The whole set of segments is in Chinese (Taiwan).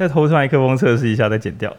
再頭上麥克風測試一下，再剪掉。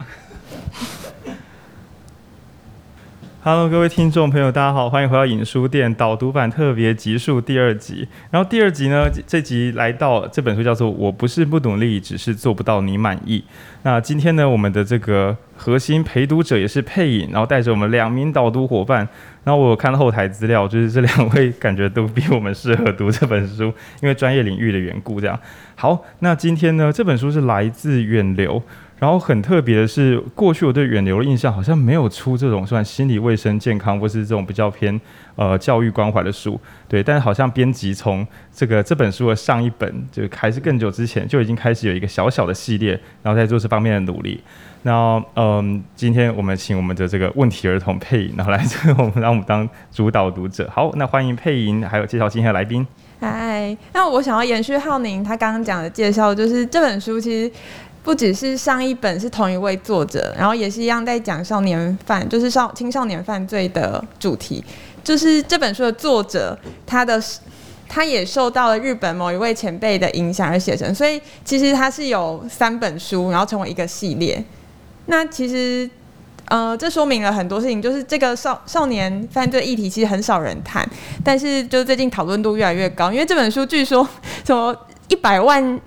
Hello，各位聽眾朋友，大家好，歡迎回到影書店導讀版特別集數第二集。然後第二集呢，這集來到這本書叫做《我不是不努力，只是做不到你滿意》。那今天呢，我們的這個核心陪讀者也是佩穎，然後帶着我們兩名導讀伙伴。然後我看了後台資料，就是這兩位感覺都比我們適合讀這本書，因為專業領域的緣故。這樣，好，那今天呢，這本書是來自遠流。然後很特別的是，過去我對遠流的印象好像沒有出這種算心理衛生健康或是這種比較偏呃教育關懷的書，對。但是好像編輯從這個這本書的上一本就還是更久之前就已經開始有一個小小的系列，然後在做這方面的努力。那嗯，今天我們請我們的這個問題兒童佩穎，然後來、這個、我們讓我們當主導讀者。好，那歡迎佩穎，還有介紹今天的來賓。嗨，那我想要延續浩寧他剛剛講的介紹，就是這本書其實。不只是上一本是同一位作者，然後也是一樣在講少年犯，就是少青少年犯罪的主題。就是這本書的作者，他的他也受到了日本某一位前輩的影響而寫成，所以其實他是有三本書，然後成為一個系列。那其實呃，這說明了很多事情，就是這個少少年犯罪議題其實很少人談，但是就最近討論度越來越高，因為這本書據說從一百萬。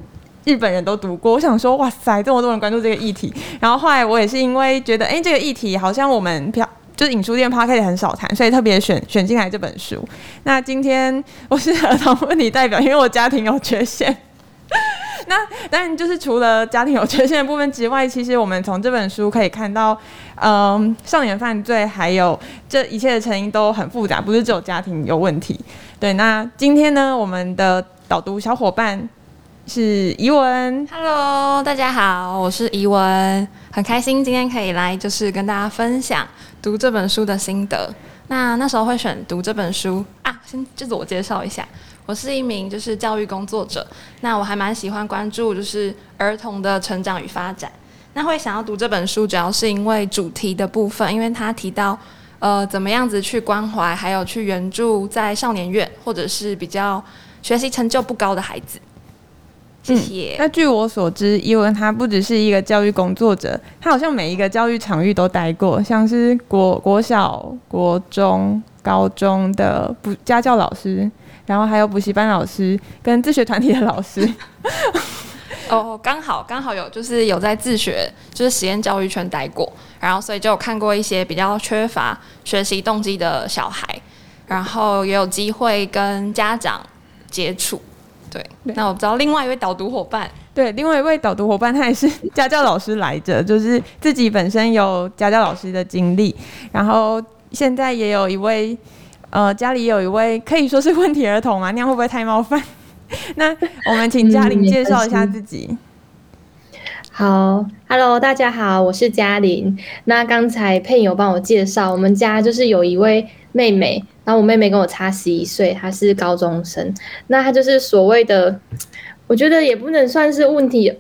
日本人都讀過，我想說，哇塞，這麼多人關注這個議題。然後後來我也是因為覺得，哎、欸，這個議題好像我們飄，就是影書店 Podcast 也很少談，所以特別選選進來這本書。那今天我是兒童問題代表，因為我家庭有缺陷。 那當然就是除了家庭有缺陷的部分之外，其實我們從這本書可以看到，嗯，少年犯罪還有這一切的成因都很複雜，不是只有家庭有問題。對，那今天呢，我們的導讀小伙伴，是怡雯，Hello，大家好，我是怡雯，很開心今天可以來，就是跟大家分享讀這本書的心得。那那時候會選讀這本書啊，先自我介紹一下，我是一名就是教育工作者，那我還蠻喜歡關注就是兒童的成長與發展。那會想要讀這本書，主要是因為主題的部分，因為他提到呃，怎麼樣子去關懷，還有去援助在少年院或者是比較學習成就不高的孩子。嗯、謝謝。那據我所知，怡雯他不只是一個教育工作者，他好像每一個教育場域都待過，像是國國小、國中、高中的補家教老師，然後還有補習班老師跟自學團體的老師。 哦，剛好剛好有就是有在自學，就是實驗教育圈待過，然後所以就有看過一些比較缺乏學習動機的小孩，然後也有機會跟家長接觸。對，那我知道另外一位導讀夥伴對，對，另外一位導讀夥伴，他也是家教老師來着，就是自己本身有家教老師的經歷，然後現在也有一位，呃，家裡有一位可以說是問題兒童啊，那樣會不會太冒犯？ 那我們請佳霖介紹一下自己。 嗯，好，Hello，大家好，我是佳霖。那剛才朋友幫我介紹，我們家就是有一位。妹妹，然後我妹妹跟我差十一歲，她是高中生。那她就是所謂的，我覺得也不能算是問題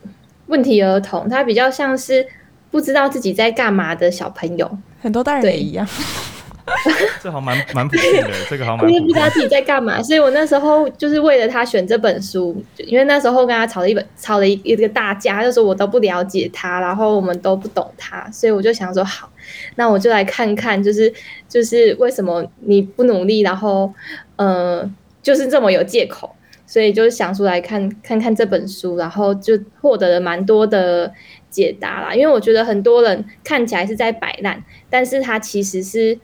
問題兒童，她比較像是不知道自己在幹嘛的小朋友，很多大人也一樣，對。 這好蠻蠻普遍的， 這個好蠻普遍的，我也不知道自己在幹嘛，所以我那時候就是為了他選這本書，因為那時候跟他吵了一本，吵了一一個大架，他說我都不了解他，然後我們都不懂他，所以我就想說好，那我就來看看，就是就是為什麼你不努力，然後呃，就是這麼有借口，所以就想出來看看看這本書，然後就獲得了蠻多的解答啦。因為我覺得很多人看起來是在擺爛，但是他其實是。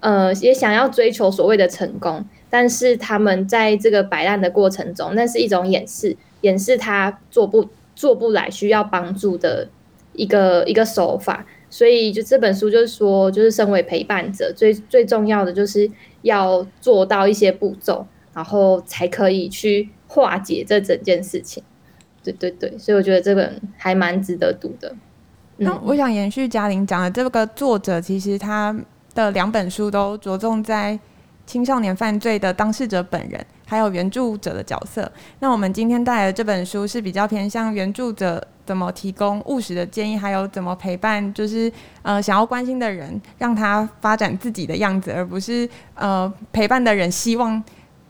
呃，也想要追求所謂的成功，但是他們在這個擺爛的過程中，那是一種掩飾，掩飾他做不做不來，需要幫助的一個一個手法。所以，就這本書就是說，就是身為陪伴者，最最重要的就是要做到一些步驟，然後才可以去化解這整件事情。對對對，所以我覺得這本還蠻值得讀的。那、嗯、我想延續佳霖講的，這個作者其實他的兩本書都着重在青少年犯罪的當事者本人，還有援助者的角色。那我們今天帶來的這本書是比較偏向援助者怎麼提供務實的建議，還有怎麼陪伴，就是呃想要關心的人，讓他發展自己的樣子，而不是呃陪伴的人希望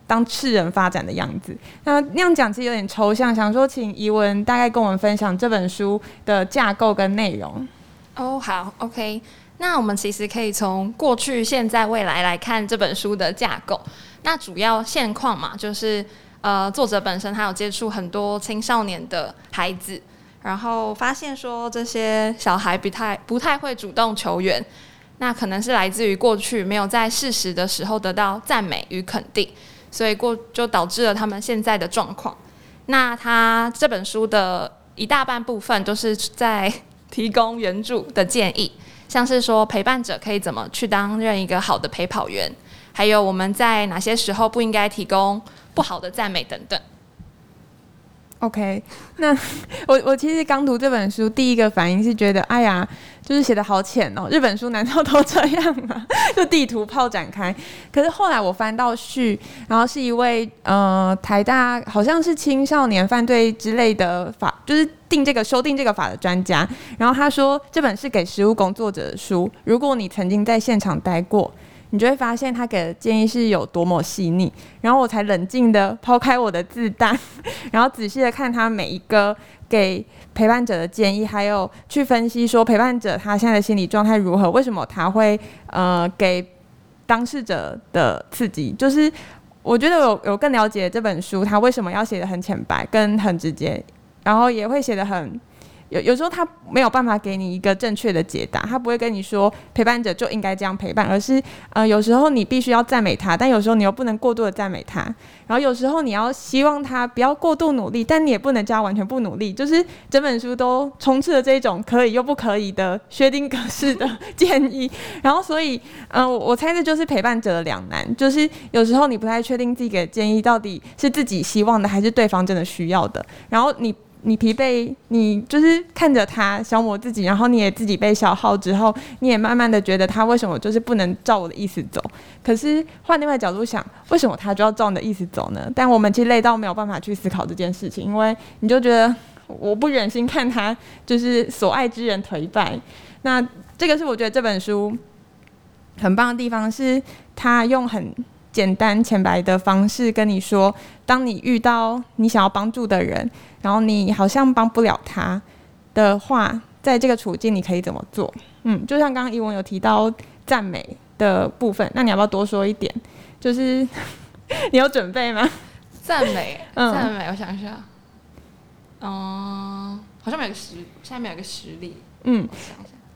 當事人發展的樣子。那那樣講其實有點抽象，想說請怡雯大概跟我們分享這本書的架構跟內容。哦，好，OK。那我們其實可以從過去、現在、未來來看這本書的架構。那主要現況嘛，就是呃，作者本身他有接觸很多青少年的孩子，然後發現說這些小孩不太不太會主動求援，那可能是來自於過去沒有在適時的時候得到讚美與肯定，所以過就導致了他們現在的狀況。那他這本書的一大半部分都是在提供援助的建議。像是說陪伴者，可以怎麼去擔任，一個好的陪跑員，還有我們在哪些時候不應該提供不好的讚美等等。OK，那我我其實剛讀這本書，第一個反應是覺得，哎呀，就是寫得好淺哦、喔。日本書難道都這樣嗎？就地圖炮展開。可是後來我翻到序，然後是一位呃台大好像是青少年犯罪之類的法，就是定這個修訂這個法的專家，然後他說這本是給實務工作者的書，如果你曾經在現場待過。你就會發現他給的建議是有多麼細膩，然後我才冷靜的拋開我的自大，然後仔細的看他每一個給陪伴者的建議，還有去分析說陪伴者他現在的心理狀態如何，為什麼他會呃給當事者的刺激。就是我覺得有有更了解這本書，他為什麼要寫的很淺白跟很直接，然後也會寫的很。有有時候他沒有辦法給你一個正確的解答，他不會跟你說，陪伴者就應該這樣陪伴，而是呃有時候你必須要讚美他，但有時候你又不能過度的讚美他，然後有時候你要希望他不要過度努力，但你也不能這樣完全不努力，就是整本書都充斥了這種可以又不可以的薛定諤式的 建議。然後所以嗯、呃，我猜這就是陪伴者的兩難，就是有時候你不太確定自己的建議到底是自己希望的還是對方真的需要的，然後你。你疲憊，你就是看着他消磨自己，然後你也自己被消耗之後，你也慢慢的覺得他為什麼就是不能照我的意思走？可是換另外角度想，為什麼他就要照你的意思走呢？但我們其實累到沒有辦法去思考這件事情，因為你就覺得我不忍心看他就是所愛之人頹敗。那這個是我覺得這本書很棒的地方，是他用很簡單淺白的方式跟你說：當你遇到你想要幫助的人，然後你好像幫不了他的話，在這個處境你可以怎麼做？嗯，就像剛剛怡雯有提到讚美的部分，那你要不要多說一點？就是 你有準備嗎？讚美，嗯、讚美，我想一下。哦、嗯，好像沒有個實，下面有個實力。嗯，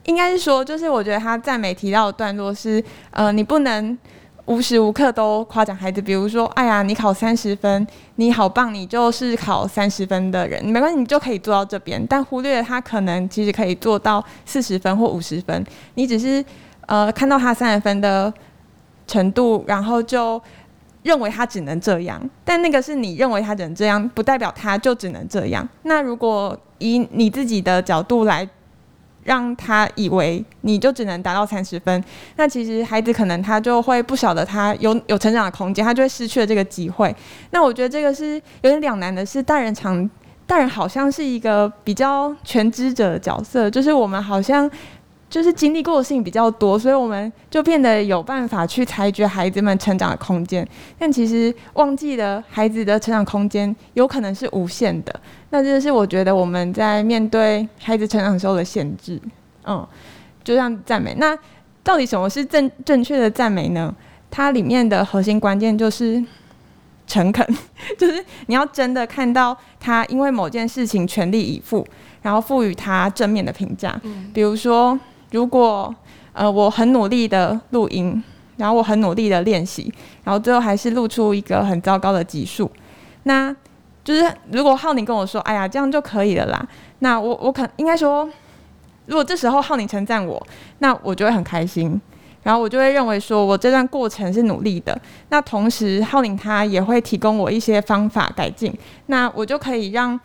應該是說，就是我覺得他讚美提到的段落是，呃，你不能。無時無刻都誇獎孩子，比如說，哎呀，你考三十分，你好棒，你就是考三十分的人，沒關係，你就可以做到這邊。但忽略他可能其實可以做到四十分或五十分，你只是呃看到他三十分的程度，然後就認為他只能這樣。但那個是你認為他只能這樣，不代表他就只能這樣。那如果以你自己的角度來，讓他以為你就只能達到三十分，那其實孩子可能他就會不曉得他有有成長的空間，他就會失去了這個機會。那我覺得這個是有點兩難的，是大人常，大人好像是一個比較全知者的角色，就是我們好像。就是經歷過的事情比較多，所以我們就變得有辦法去裁決孩子們成長的空間。但其實忘記了孩子的成長空間有可能是無限的。那這是我覺得我們在面對孩子成長的時候的限制。嗯，就像讚美，那到底什麼是正正確的讚美呢？它裡面的核心關鍵就是誠懇，就是你要真的看到他因為某件事情全力以赴，然後賦予他正面的評價，嗯。比如說。如果呃，我很努力的錄音，然後我很努力的練習，然後最後還是錄出一個很糟糕的集數，那就是如果浩寧跟我說，哎呀，這樣就可以了啦，那我我肯應該說，如果這時候浩寧稱讚我，那我就會很開心，然後我就會認為說我這段過程是努力的，那同時浩寧他也會提供我一些方法改進，那我就可以讓。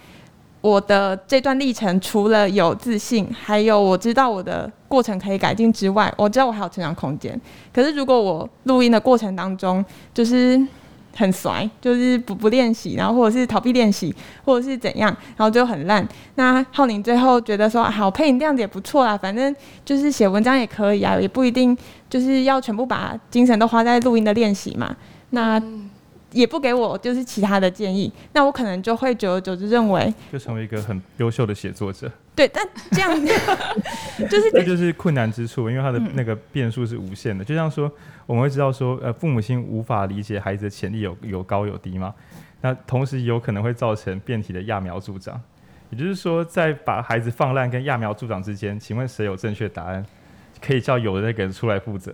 我的這段歷程，除了有自信，還有我知道我的過程可以改進之外，我知道我還有成長空間。可是，如果我錄音的過程當中就是很衰，就是不不練習，然後或者是逃避練習，或者是怎樣，然後就很爛。那浩寧最後覺得說，好，配音這樣子也不錯啦，反正就是寫文章也可以啊，也不一定就是要全部把精神都花在錄音的練習嘛。那。也不給我就是其他的建議，那我可能就會久而久之認為，就成為一個很優秀的寫作者。對，但這樣子 就是那就是困難之處，因為他的那個變數是無限的。嗯。就像說，我們會知道說，呃，父母親無法理解孩子的潛力有有高有低嘛。那同時有可能會造成變體的揠苗助長。也就是說，在把孩子放爛跟揠苗助長之間，請問誰有正確答案？可以叫有的那個人出來負責。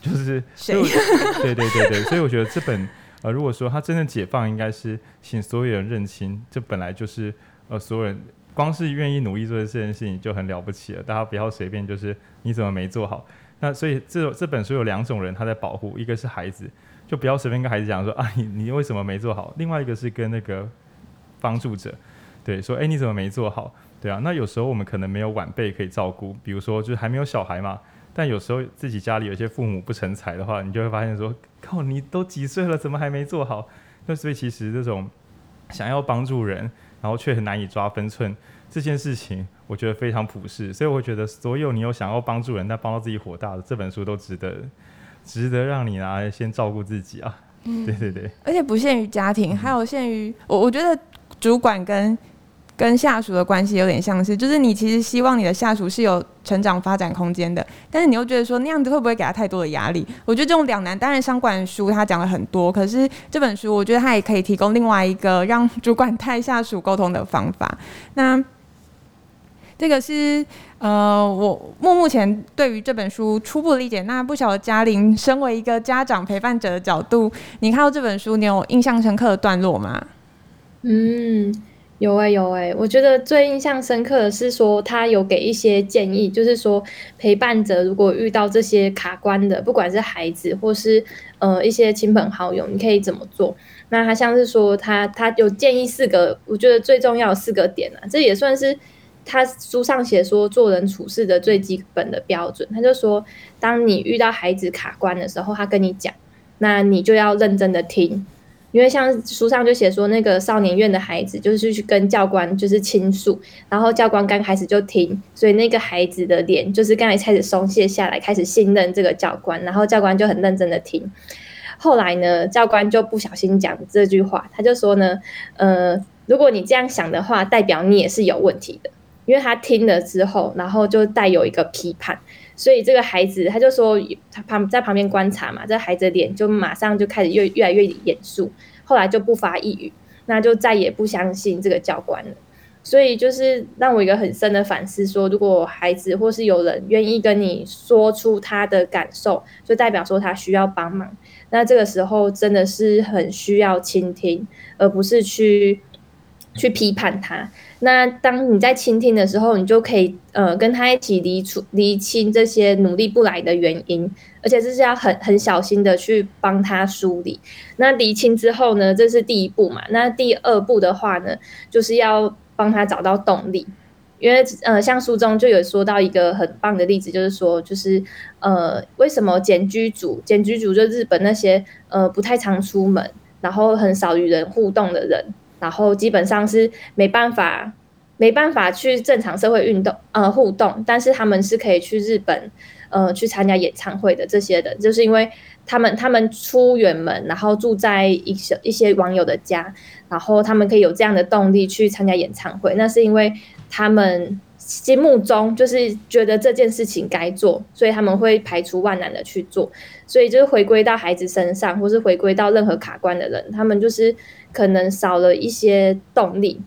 就是，所以對，對對對對， 所以我覺得這本呃，如果說他真正解放，應該是請所有人認清，這本來就是呃，所有人光是願意努力做的這件事情就很了不起了。大家不要隨便就是你怎麼沒做好。那所以這這本書有兩種人他在保護，一個是孩子，就不要隨便跟孩子講說啊，你你為什麼沒做好？另外一個是跟那個幫助者，對，說誒、欸，你怎麼沒做好？對啊，那有時候我們可能沒有晚輩可以照顧，比如說就是還沒有小孩嘛。但有時候自己家裡有些父母不成才的話，你就會發現說，靠，你都幾歲了，怎麼還沒做好？那所以其實這種想要幫助人，然後卻很難以抓分寸這件事情，我覺得非常普世。所以我覺得所有你有想要幫助人但幫到自己火大的這本書，都值得，值得讓你拿來先照顧自己啊、嗯！對對對，而且不限於家庭，還有限於、嗯、我，我覺得主管跟。跟下屬的關係有點像是，就是你其實希望你的下屬是有成長發展空間的，但是你又覺得說那樣子會不會給他太多的壓力？我覺得這種兩難。當然，商管書他講了很多，可是這本書我覺得他也可以提供另外一個讓主管帶下屬溝通的方法。那這個是呃，我目目前對於這本書初步理解。那不曉得佳霖，身為一個家長陪伴者的角度，你看到這本書，你有印象深刻的段落嗎？嗯。有誒，有誒。我覺得最印象深刻的是說他有給一些建議，就是說陪伴者如果遇到這些卡關的，不管是孩子或是呃一些親朋好友，你可以怎麼做？那他像是說他他有建議四個，我覺得最重要四個點啊，這也算是他書上寫說做人處事的最基本的標準。他就說，當你遇到孩子卡關的時候，他跟你講，那你就要認真的聽。因為像書上就寫說，那個少年院的孩子就是去跟教官就是傾訴，然後教官剛開始就聽，所以那個孩子的臉就是剛才開始鬆懈下來，開始信任這個教官，然後教官就很認真的聽。後來呢，教官就不小心講這句話，他就說呢，呃，如果你這樣想的話，代表你也是有問題的，因為他聽了之後，然後就帶有一個批判。所以這個孩子，他就說他旁在旁邊觀察嘛，這孩子臉就馬上就開始越越來越嚴肅，後來就不發一語，那就再也不相信這個教官了。所以就是讓我一個很深的反思說，說如果孩子或是有人願意跟你說出他的感受，就代表說他需要幫忙。那這個時候真的是很需要傾聽，而不是去去批判他。那當你在傾聽的時候，你就可以呃跟他一起理出理清這些努力不來的原因，而且這是要很很小心的去幫他梳理。那理清之後呢，這是第一步嘛。那第二步的話呢，就是要幫他找到動力。因為呃，像書中就有說到一個很棒的例子，就是說，就是呃，為什麼繭居族繭居族就是日本那些呃不太常出門，然後很少與人互動的人。然後基本上是沒辦法，沒辦法去正常社會運動，呃，互動。但是他們是可以去日本，呃，去參加演唱會的這些的，就是因為他們他們出遠門，然後住在一些一些網友的家，然後他們可以有這樣的動力去參加演唱會。那是因為他們心目中就是覺得這件事情該做，所以他們會排除萬難的去做。所以就是回歸到孩子身上，或是回歸到任何卡關的人，他們就是。可能少了一些動力，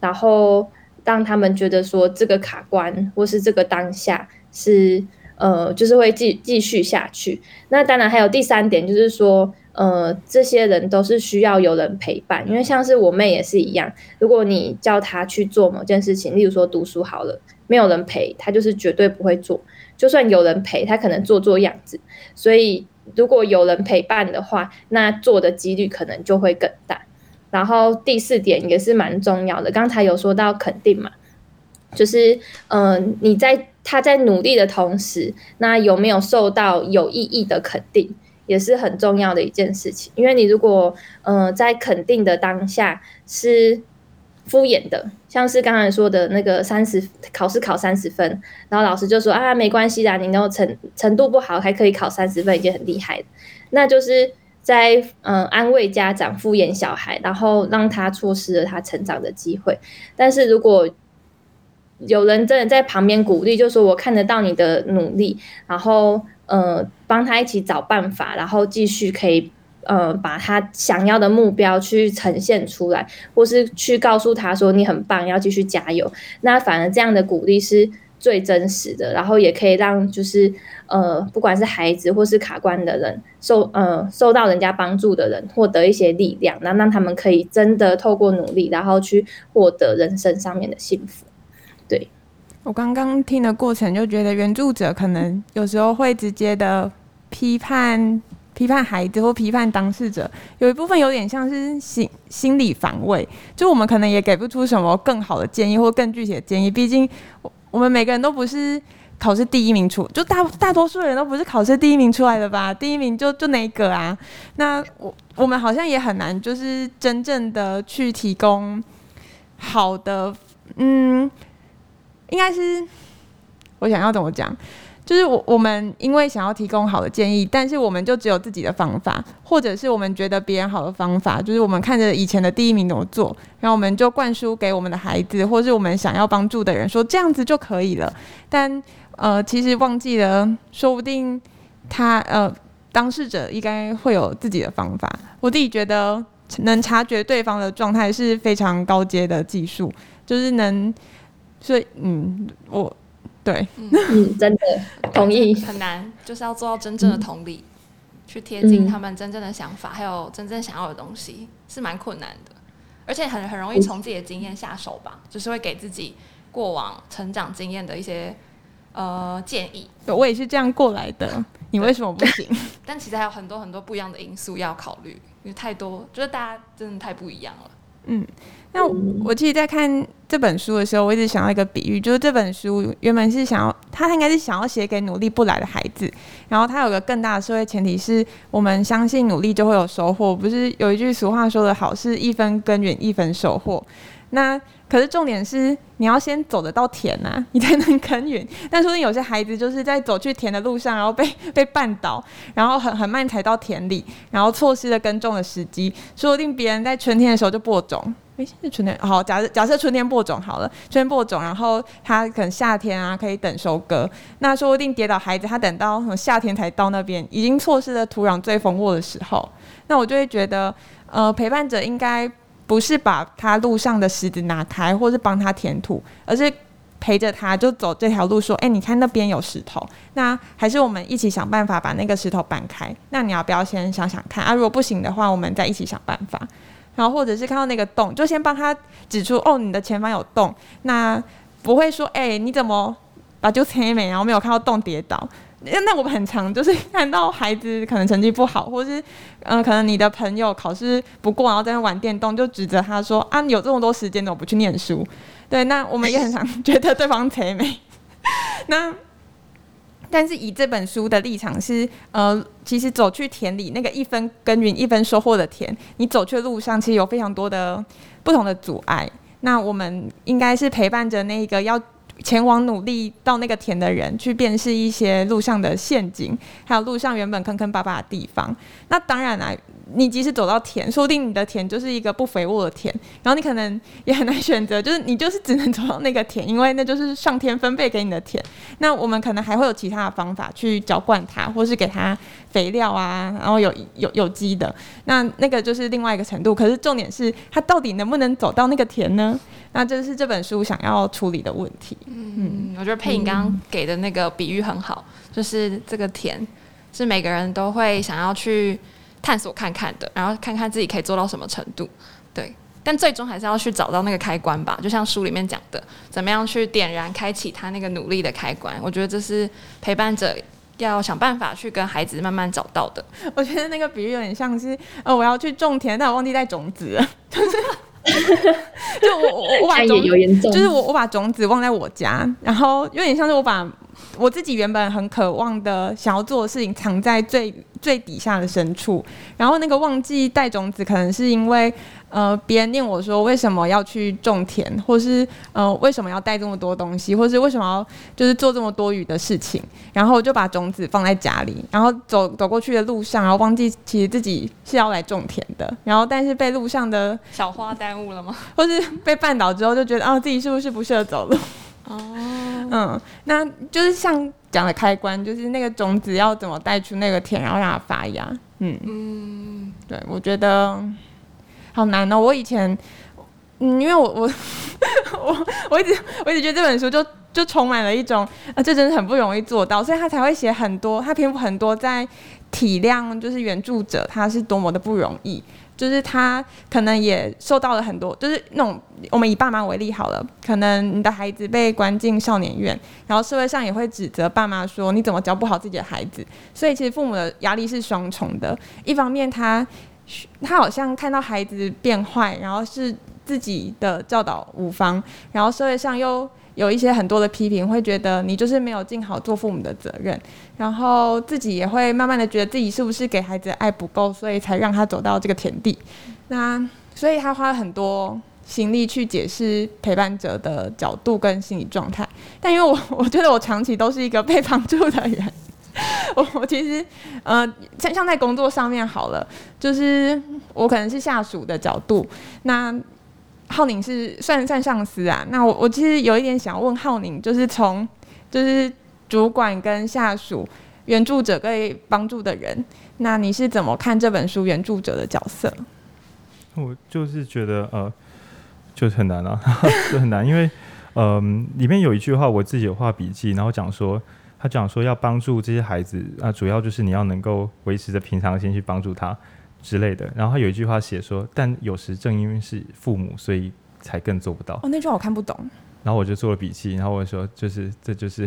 然後讓他們覺得說這個卡關或是這個當下是呃就是會繼繼續下去。那當然還有第三點就是說呃這些人都是需要有人陪伴，因為像是我妹也是一樣，如果你叫她去做某件事情，例如說讀書好了，沒有人陪她，就是絕對不會做，就算有人陪她，可能做做樣子。所以如果有人陪伴的話，那做的幾率可能就會更大。然後第四點也是蠻重要的，剛才有說到肯定嘛，就是嗯、呃、你在他在努力的同時，那有沒有受到有意義的肯定，也是很重要的一件事情。因為你如果嗯、呃、在肯定的當下是敷衍的，像是剛才說的那個三十考試考三十分，然後老師就說啊沒關係啦，你都成程度不好還可以考三十分，已經很厲害了，那就是。在嗯、呃、安慰家長，敷衍小孩，然後讓他錯失了他成長的機會。但是如果有人真的在旁邊鼓勵，就說我看得到你的努力，然後嗯、呃，幫他一起找辦法，然後繼續可以呃把他想要的目標去呈現出來，或是去告訴他說你很棒，要繼續加油。那反而這樣的鼓勵是最真實的，然後也可以讓就是。呃，不管是孩子或是卡關的人，受呃受到人家幫助的人，獲得一些力量，那讓他們可以真的透過努力，然後去獲得人生上面的幸福。對，我剛剛聽的過程，就覺得援助者可能有時候會直接的批判批判孩子或批判當事者，有一部分有點像是心心理防衛，就我們可能也給不出什麼更好的建議或更具體的建議，畢竟我們每個人都不是。考試第一名出就大，大多數人都不是考試第一名出來的吧？第一名就就那個啊。那我我們好像也很難，就是真正的去提供好的，嗯，應該是我想要怎麼講，就是我我們因為想要提供好的建議，但是我們就只有自己的方法，或者是我們覺得別人好的方法，就是我們看着以前的第一名怎麼做，然後我們就灌輸給我們的孩子，或是我們想要幫助的人說這樣子就可以了，但。呃，其實忘記了，說不定他呃，當事者應該會有自己的方法。我自己覺得能察覺對方的狀態是非常高階的技術，就是能，所以嗯，我對，嗯，真的同意，很難，就是要做到真正的同理，嗯，去貼近他們真正的想法，嗯，還有真正想要的東西，是蠻困難的，而且很很容易從自己的經驗下手吧，就是會給自己過往成長經驗的一些。呃，建議我也是這樣過來的。你為什麼不行？但其實還有很多很多不一樣的因素要考慮，因為太多，就是大家真的太不一樣了。嗯，那我，我其實，在看這本書的時候，我一直想要一個比喻，就是這本書原本是想要，他應該是想要寫給努力不來的孩子。然後，他有個更大的社會前提是我們相信努力就會有收穫。不是有一句俗話說得好，是一分耕耘一分收穫。那可是重點是，你要先走得到田吶，啊，你才能耕耘。但說不定有些孩子就是在走去田的路上，然後被被絆倒，然後很很慢才到田裡，然後錯失了耕種的時機。說不定別人在春天的時候就播種，沒、欸、現在春天好，假設假設春天播種好了，春天播種，然後他可能夏天啊可以等收割。那說不定跌倒孩子，他等到、嗯、夏天才到那邊，已經錯失了土壤最豐沃的時候。那我就會覺得，呃，陪伴者應該。不是把他路上的石子拿開，或是幫他填土，而是陪着他就走這條路，說：“哎、欸，你看那邊有石頭，那還是我們一起想辦法把那個石頭搬開。那你要不要先想想看啊？如果不行的話，我們再一起想辦法。然後或者是看到那個洞，就先幫他指出：哦，你的前方有洞。那不會說：哎、欸，你怎麼把就前面，然後沒有看到洞跌倒。”那我們很常就是看到孩子可能成績不好，或者是嗯、呃，可能你的朋友考試不過，然後在那玩電動，就指責他說啊，你有這麼多時間怎麼不去念書？對，那我們也很常覺得對方催美。 那但是以這本書的立場是，呃，其實走去田裡那個一分耕耘一分收穫的田，你走去的路上其實有非常多的不同的阻礙。那我們應該是陪伴着那個要，前往努力到那個田的人，去辨識一些路上的陷阱，還有路上原本坑坑巴巴的地方。那當然啊。你即使走到田，說不定你的田就是一個不肥沃的田，然後你可能也很難選擇，就是你就是只能走到那個田，因為那就是上天分配給你的田。那我們可能還會有其他的方法去澆灌它，或是給它肥料啊，然後有有有機的，那那個就是另外一個程度。可是重點是，它到底能不能走到那個田呢？那這是這本書想要處理的問題。嗯，嗯，我覺得佩穎剛剛給的那個比喻很好，嗯、就是這個田是每個人都會想要去。探索看看的，然後看看自己可以做到什麼程度。對，但最終還是要去找到那個開關吧。就像書裡面講的，怎麼樣去點燃、開啟他那個努力的開關？我覺得這是陪伴者要想辦法去跟孩子慢慢找到的。我覺得那個比喻有點像是，呃、哦，我要去種田，但我忘記帶種子了。就是，就我我我把種子，就是我我把種子忘在我家，然後有點像是我把。我自己原本很渴望的想要做的事情，藏在最最底下的深處。然後那個忘記帶種子，可能是因為，呃，別人念我說為什麼要去種田，或是呃為什麼要帶這麼多東西，或是為什麼要就是做這麼多餘的事情。然後我就把種子放在家裡，然後走走過去的路上，然後忘記其實自己是要來種田的。然後但是被路上的小花耽誤了嗎？或是被絆倒之後就覺得啊自己是不是不適合走路？哦、oh.，嗯，那就是像講的開關，就是那個種子要怎麼帶出那個田，然後讓它發芽。嗯、mm. 對，我覺得好難哦、喔。我以前，嗯，因為我我 我我一直我一直覺得這本書就就充滿了一種啊，這真的很不容易做到，所以他才會寫很多，他篇幅很多，在體諒就是援助者，他是多麼的不容易。就是他可能也受到了很多，就是那種我們以爸媽為例好了，可能你的孩子被關進少年院，然後社會上也會指責爸媽說你怎麼教不好自己的孩子，所以其實父母的壓力是雙重的，一方面他他好像看到孩子變壞，然後是自己的教導無方，然後社會上又。有一些很多的批評，會覺得你就是沒有盡好做父母的責任，然後自己也會慢慢的覺得自己是不是給孩子的愛不夠，所以才讓他走到這個田地。那所以他花了很多心力去解釋陪伴者的角度跟心理狀態，但因為我我覺得我長期都是一個被幫助的人，我我其實呃像像在工作上面好了，就是我可能是下屬的角度，那。浩寧是算算上司啊？那我我其實有一點想要問浩寧，就是從就是主管跟下屬、援助者跟幫助的人，那你是怎麼看這本書？援助者的角色？我就是覺得呃，就是很難啊，就 很難，因為嗯、呃，裡面有一句話，我自己有畫筆記，然後講說，他講說要幫助這些孩子啊，主要就是你要能夠維持着平常心去幫助他。之類的。然後他有一句話寫說：“但有時正因為是父母，所以才更做不到。”哦，那句我看不懂。然後我就做了筆記。然後我就說：“就是，這就是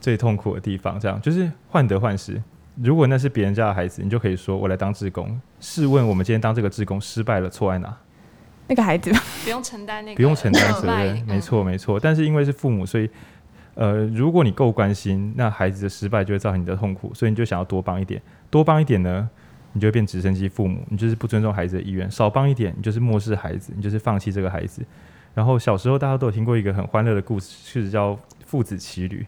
最痛苦的地方。這樣就是患得患失。如果那是別人家的孩子，你就可以說：‘我來當志工。’試問我們今天當這個志工失敗了，錯在哪？那個孩子不用承擔那個，不用承擔責任 。沒錯，沒錯。但是因為是父母，所以呃，如果你夠關心，那孩子的失敗就會造成你的痛苦，所以你就想要多幫一點，多幫一點呢。”你就會變直升機父母，你就是不尊重孩子的意願，少幫一點，你就是漠視孩子，你就是放棄這個孩子。然後小時候大家都有聽過一個很歡樂的故事，確實叫《父子騎驢》，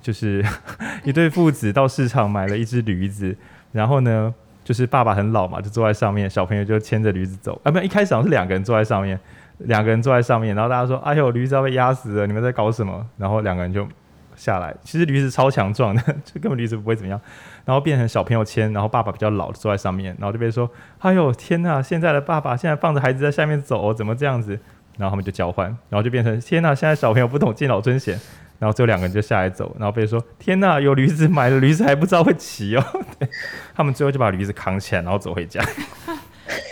就是 一對父子到市場買了一隻驢子，然後呢，就是爸爸很老嘛，就坐在上面，小朋友就牽着驢子走。啊，不，一開始好像是兩個人坐在上面，兩個人坐在上面，然後大家說：“哎呦，驢子要被壓死了，你們在搞什麼？”然後兩個人就。下來，其實驢子超強壯的，這根本驢子不會怎麼樣。然後變成小朋友牽，然後爸爸比較老坐在上面，然後就被說：“哎呦天哪，現在的爸爸現在放着孩子在下面走哦，怎麼這樣子？”然後他們就交換，然後就變成“天哪，現在小朋友不懂敬老尊賢。”然後最後兩個人就下來走，然後被說：“天哪，有驢子買了驢子還不知道會騎哦。”對，他們最後就把驢子扛起來，然後走回家。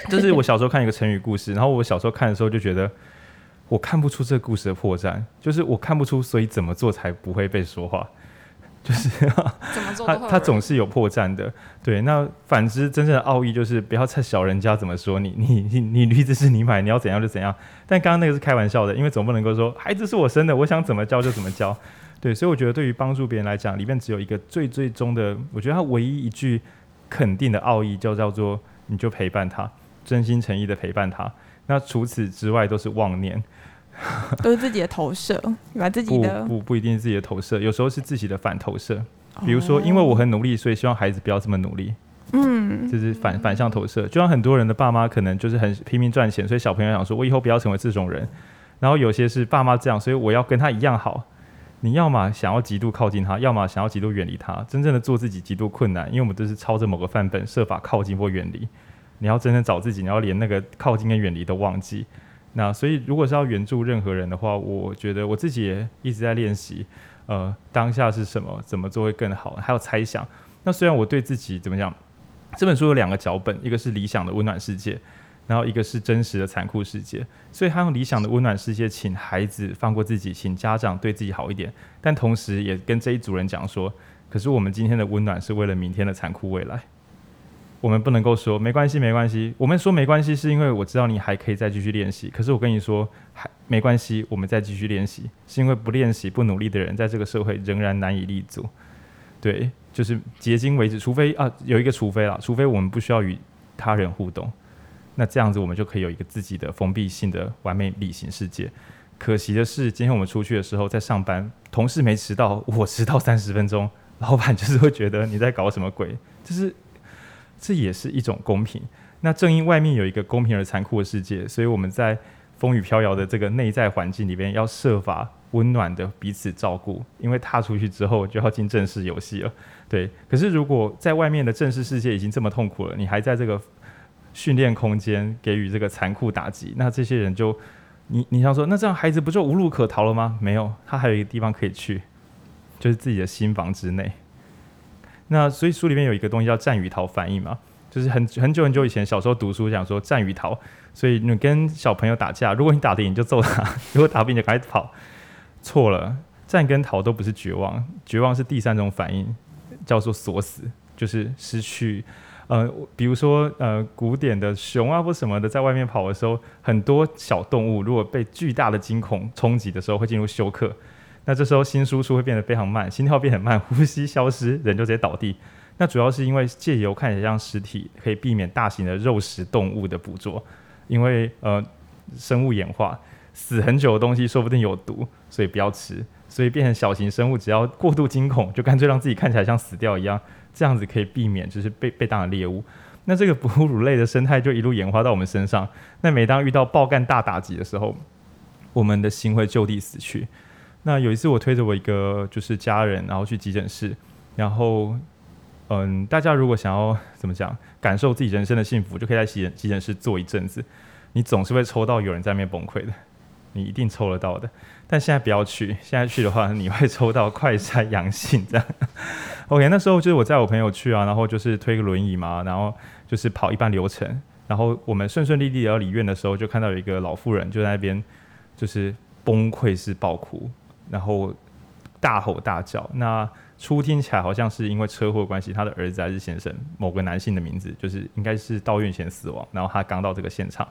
這 是我小時候看一個成語故事，然後我小時候看的時候就覺得。我看不出這個故事的破綻，就是我看不出，所以怎麼做才不會被說話？嗯、就是、啊怎麼做，他他總是有破綻的。對，那反之真正的奧義就是不要太小人家怎麼說你，你你你驢子是你買，你要怎樣就怎樣。但剛剛那個是開玩笑的，因為總不能夠說孩子，哎、是我生的，我想怎麼教就怎麼教。對，所以我覺得對於幫助別人來講，裡面只有一個最最終的，我覺得他唯一一句肯定的奧義，就叫做你就陪伴他，真心誠意的陪伴他。那除此之外都是妄念。 都是自己的投射，把自己的不不，不一定是自己的投射，有時候是自己的反投射。Oh. 比如說，因為我很努力，所以希望孩子不要這麼努力。嗯、mm.，就是反反向投射。就像很多人的爸媽可能就是很拼命賺錢，所以小朋友想說，我以後不要成為這種人。然後有些是爸媽這樣，所以我要跟他一樣好。你要麼想要極度靠近他，要麼想要極度遠離他。真正的做自己極度困難，因為我們都是抄着某個範本，設法靠近或遠離。你要真正找自己，你要連那個靠近跟遠離都忘記。那所以，如果是要援助任何人的話，我覺得我自己也一直在練習，呃，當下是什麼，怎麼做會更好，還有猜想。那雖然我對自己怎麼講，這本書有兩個腳本，一個是理想的溫暖世界，然後一個是真實的殘酷世界。所以他用理想的溫暖世界，請孩子放過自己，請家長對自己好一點，但同時也跟這一組人講說，可是我們今天的溫暖是為了明天的殘酷未來。我們不能夠說沒關係，沒關係。我們說沒關係，是因為我知道你還可以再繼續練習。可是我跟你說，還沒關係，我們再繼續練習，是因為不練習、不努力的人，在這個社會仍然難以立足。對，就是迄今為止，除非啊，有一個除非啦，除非我們不需要與他人互動，那這樣子我們就可以有一個自己的封閉性的完美理想世界。可惜的是，今天我們出去的時候，在上班，同事沒遲到，我遲到三十分鐘，老闆就是會覺得你在搞什麼鬼，就是。這也是一種公平。那正因外面有一個公平而殘酷的世界，所以我們在風雨飄搖的這個內在環境裡邊，要設法溫暖的彼此照顧。因為踏出去之後，就要進正式遊戲了。對。可是如果在外面的正式世界已經這麼痛苦了，你還在這個訓練空間給予這個殘酷打擊，那這些人就，你你想說，那這樣孩子不就無路可逃了嗎？沒有，他還有一個地方可以去，就是自己的心房之內。那所以書裡面有一個東西叫戰與逃反應嘛，就是很很久很久以前小時候讀書講說戰與逃。所以你跟小朋友打架，如果你打得贏就揍他，如果打不贏就趕緊跑。錯了，戰跟逃都不是絕望，絕望是第三種反應，叫做鎖死，就是失去。呃，比如說呃古典的熊啊或什麼的，在外面跑的時候，很多小動物如果被巨大的驚恐衝擊的時候，會進入休克。那這時候心輸出會變得非常慢，心跳變很慢，呼吸消失，人就直接倒地。那主要是因為借由看起來像屍體，可以避免大型的肉食動物的捕捉。因為呃，生物演化，死很久的東西說不定有毒，所以不要吃。所以變成小型生物，只要過度驚恐，就乾脆讓自己看起來像死掉一樣，這樣子可以避免就是被被當成獵物。那這個哺乳類的生態就一路演化到我們身上。那每當遇到爆幹大打擊的時候，我們的心會就地死去。那有一次我推着我一個就是家人，然後去急診室，然後嗯，大家如果想要怎麼講，感受自己人生的幸福，就可以在急診急診室坐一陣子。你總是會抽到有人在那邊崩潰的，你一定抽得到的。但現在不要去，現在去的話你會抽到快篩陽性這樣。OK，那時候就是我載我朋友去啊，然後就是推個輪椅嘛，然後就是跑一半流程，然後我們順順利利要離院的時候，就看到有一個老婦人就在那邊就是崩潰式爆哭。然後大吼大叫，那初聽起來好像是因為車禍關係，他的兒子還是先生某個男性的名字，就是應該是到院前死亡。然後他剛到這個現場，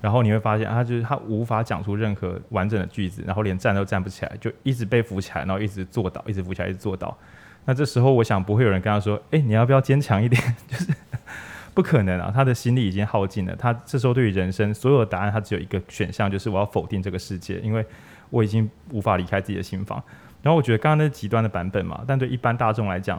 然後你會發現，他、啊、就是他無法講出任何完整的句子，然後連站都站不起來，就一直被扶起來，然後一直坐倒，一直扶起來，一直坐倒。那這時候，我想不會有人跟他說：“誒，你要不要堅強一點？”就是不可能啊，他的心力已經耗盡了。他這時候對於人生所有的答案，他只有一個選項，就是我要否定這個世界，因為。我已經無法離開自己的心房，然後我覺得剛剛那極端的版本嘛，但對一般大眾來講，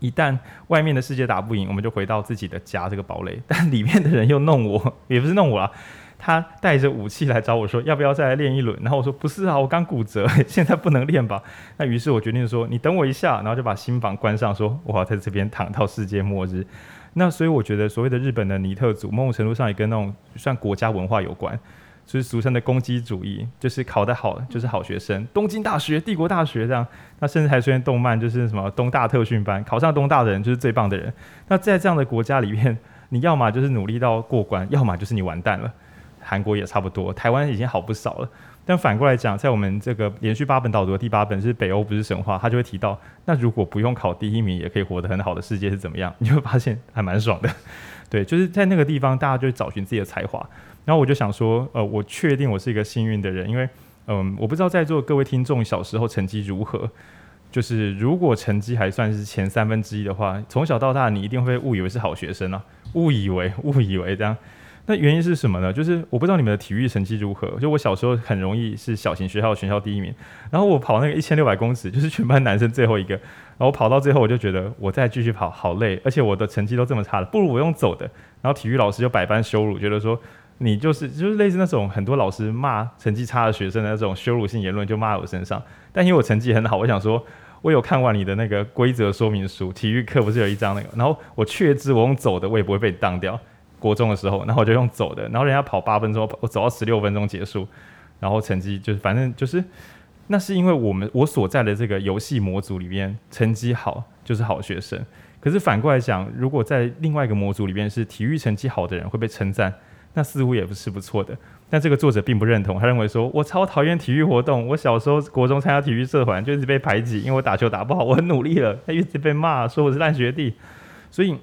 一旦外面的世界打不贏，我們就回到自己的家這個堡壘，但裡面的人又弄我，也不是弄我啊，他帶着武器來找我說要不要再來練一輪，然後我說不是啊，我剛骨折，現在不能練吧，那於是我決定說你等我一下，然後就把心房關上說，說我要在這邊躺到世界末日，那所以我覺得所謂的日本的尼特族，某種程度上也跟那種算國家文化有關。就是俗稱的“功績主義”，就是考得好就是好學生。東京大學、帝國大學這樣，那甚至還出現動漫，就是什麼東大特訓班，考上東大的人就是最棒的人。那在這樣的國家裡面，你要麼就是努力到過關，要麼就是你完蛋了。韓國也差不多，台灣已經好不少了。但反過來講，在我們這個連續八本導讀的第八本是北歐不是神話，他就會提到，那如果不用考第一名也可以活得很好的世界是怎麼樣？你就會發現還蠻爽的。對，就是在那個地方，大家就找尋自己的才華。然後我就想說，呃，我確定我是一個幸運的人，因為，嗯，我不知道在座各位聽眾小時候成績如何，就是如果成績還算是前三分之一的話，從小到大你一定會誤以為是好學生啊，誤以為誤以為這樣。那原因是什麼呢？就是我不知道你們的體育成績如何，就我小時候很容易是小型學校全校第一名，然後我跑那個一千六百公尺，就是全班男生最後一個，然後我跑到最後我就覺得我再繼續跑好累，而且我的成績都這麼差了，不如我用走的，然後體育老師就百般羞辱，覺得說。你就是就是類似那種很多老師罵成績差的學生的那種羞辱性言論，就罵在我身上。但因為我成績很好，我想說，我有看完你的那個規則說明書，體育課不是有一張那個？然後我確知我用走的，我也不會被當掉。國中的時候，然後我就用走的，然後人家跑八分鐘，我走到十六分鐘結束，然後成績就是反正就是那是因為我們我所在的這個遊戲模組裡面，成績好就是好學生。可是反過來講，如果在另外一個模組裡面是體育成績好的人會被稱讚。那似乎也不是不錯的，但這個作者並不認同，他認為說：“我超討厭體育活動，我小時候國中參加體育社團就一直被排擠，因為我打球打不好，我很努力了，他一直被罵說我是爛學弟。”所以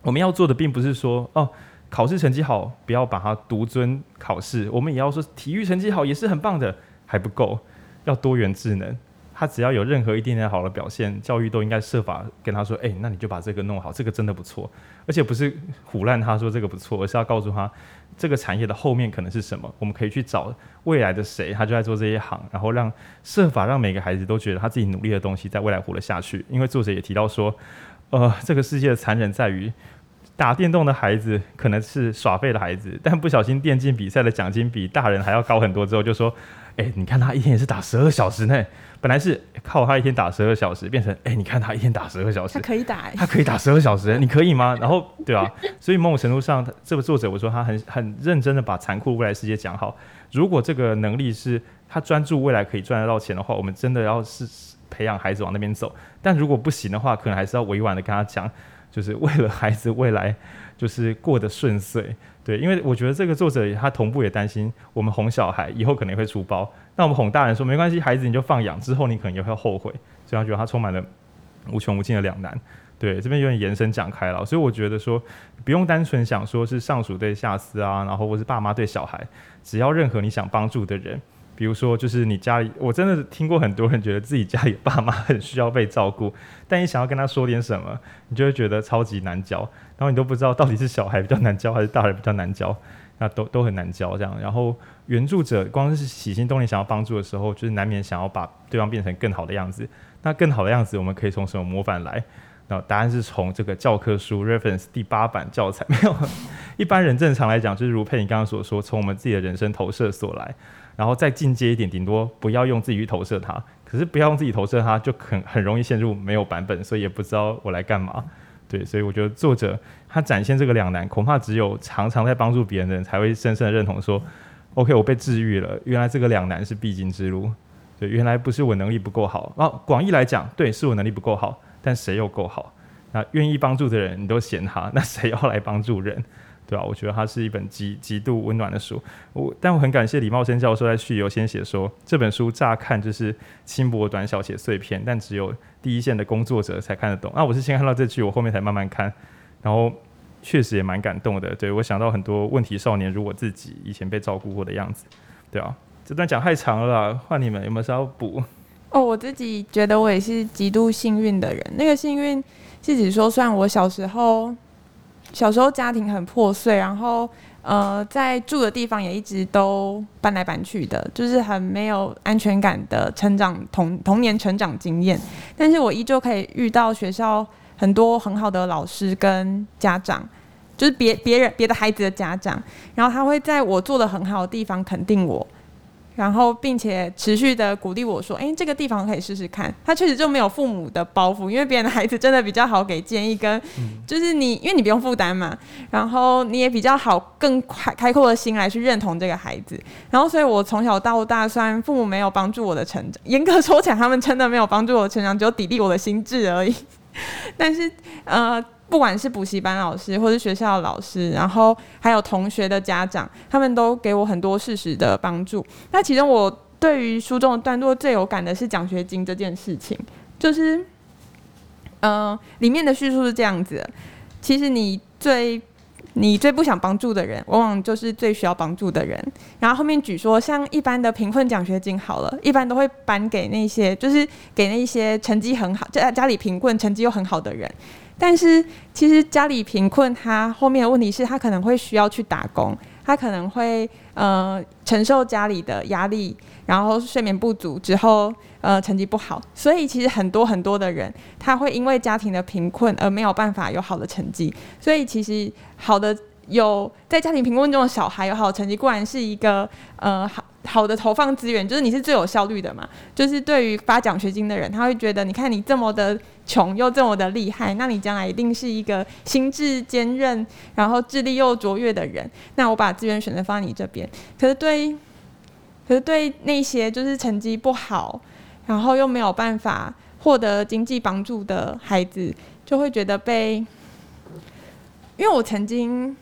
我們要做的並不是說哦，考試成績好，不要把它獨尊考試，我們也要說體育成績好也是很棒的，還不夠，要多元智能。他只要有任何一點點好的表現，教育都應該設法跟他說：“欸，那你就把這個弄好，這個真的不錯。”而且不是唬爛他說這個不錯，而是要告訴他這個產業的後面可能是什麼，我們可以去找未來的誰，他就在做這一行，然後讓設法讓每個孩子都覺得他自己努力的東西在未來活了下去。因為作者也提到說，呃，這個世界的殘忍在於打電動的孩子可能是耍廢的孩子，但不小心電競比賽的獎金比大人還要高很多之後，就說：“欸，你看他一天也是打十二小時呢。”本來是靠他一天打十二小時，變成哎、欸，你看他一天打十二小時，他可以打、欸，他可以打十二小時、欸， 你可以嗎？然後對啊，所以某種程度上，這個作者我說他很很認真的把殘酷未來世界講好。如果這個能力是他專注未來可以賺得到錢的話，我們真的要是培養孩子往那邊走。但如果不行的話，可能還是要委婉的跟他講，就是為了孩子未來就是過得順遂。對，因為我覺得這個作者他同步也擔心，我們哄小孩以後可能會出包，那我們哄大人說沒關係，孩子你就放養，之後你可能也會後悔，所以他覺得他充滿了無窮無盡的兩難。對，這邊有點延伸講開了，所以我覺得說不用單純想說是上屬對下司啊，然後或是爸媽對小孩，只要任何你想幫助的人，比如說就是你家裡，我真的聽過很多人覺得自己家裡的爸媽很需要被照顧，但你想要跟他說點什麼，你就會覺得超級難教。然後你都不知道到底是小孩比較難教還是大人比較難教，那都都很難教這樣。然後援助者光是起心動念想要幫助的時候，就是難免想要把對方變成更好的樣子。那更好的樣子我們可以從什麼模板來？那答案是從這個教科書 reference 第八版教材沒有。一般人正常來講就是如佩你剛剛所說，從我們自己的人生投射所來。然後再進階一點，頂多不要用自己去投射它。可是不要用自己投射它，就很很容易陷入沒有版本，所以也不知道我來幹嘛。對，所以我覺得作者他展現這個兩難，恐怕只有常常在幫助別人的人才會深深的認同說，OK，我被治癒了，原來這個兩難是必經之路。對，原來不是我能力不夠好。哦，廣義來講，對，是我能力不夠好，但誰又夠好？那願意幫助的人，你都嫌他，那誰要來幫助人？對啊，我覺得它是一本極極度溫暖的書。我，但我很感謝李茂生教授在序有先寫說，這本書乍看就是輕薄短小寫碎片，但只有第一線的工作者才看得懂。那、啊、我是先看到這句，我後面才慢慢看，然後確實也蠻感動的。對，我想到很多問題少年，如我自己以前被照顧過的樣子。對啊，這段講太長了啦，換你們有沒有需要補？哦，我自己覺得我也是極度幸運的人。那個幸運，是指說算我小時候。小時候家庭很破碎，然後呃，在住的地方也一直都搬來搬去的，就是很沒有安全感的成長童童年成長經驗。但是我依舊可以遇到學校很多很好的老師跟家長，就是別別人別的孩子的家長，然後他會在我做得很好的地方肯定我。然後，並且持續的鼓勵我說：“欸，這個地方可以試試看。”他確實就沒有父母的包袱，因為別人的孩子真的比較好給建議，跟就是你，因為你不用負擔嘛，然後你也比較好更快開闊的心來去認同這個孩子。然後，所以我從小到大，雖然父母沒有幫助我的成長，嚴格說起來，他們真的沒有幫助我的成長，只有砥礪我的心智而已。但是，呃。不管是補習班老師，或是學校的老師，然後還有同學的家長，他們都給我很多事實的幫助。那其中我對於書中的段落最有感的是獎學金這件事情，就是，嗯、呃，裡面的敘述是這樣子。其實你最你最不想幫助的人，往往就是最需要幫助的人。然後後面舉說，像一般的貧困獎學金，好了，一般都會頒給那些就是給那些成績很好、在家裡貧困、成績又很好的人。但是其實家裡貧困，他後面的問題是他可能會需要去打工，他可能會呃承受家裡的壓力，然後睡眠不足，之後呃成績不好。所以其實很多很多的人，他會因為家庭的貧困而沒有辦法有好的成績。所以其實好的有在家庭貧困中的小孩有好的成績，固然是一個呃好好的投放資源，就是你是最有效率的嘛。就是對於發獎學金的人，他會覺得你看你這麼的。窮又這麼的厲害，那你將來一定是一個心智堅韌，然後智力又卓越的人。那我把資源選擇放在你這邊。可是對，可是對那些就是成績不好，然後又沒有辦法獲得經濟幫助的孩子，就會覺得被。因為我曾經，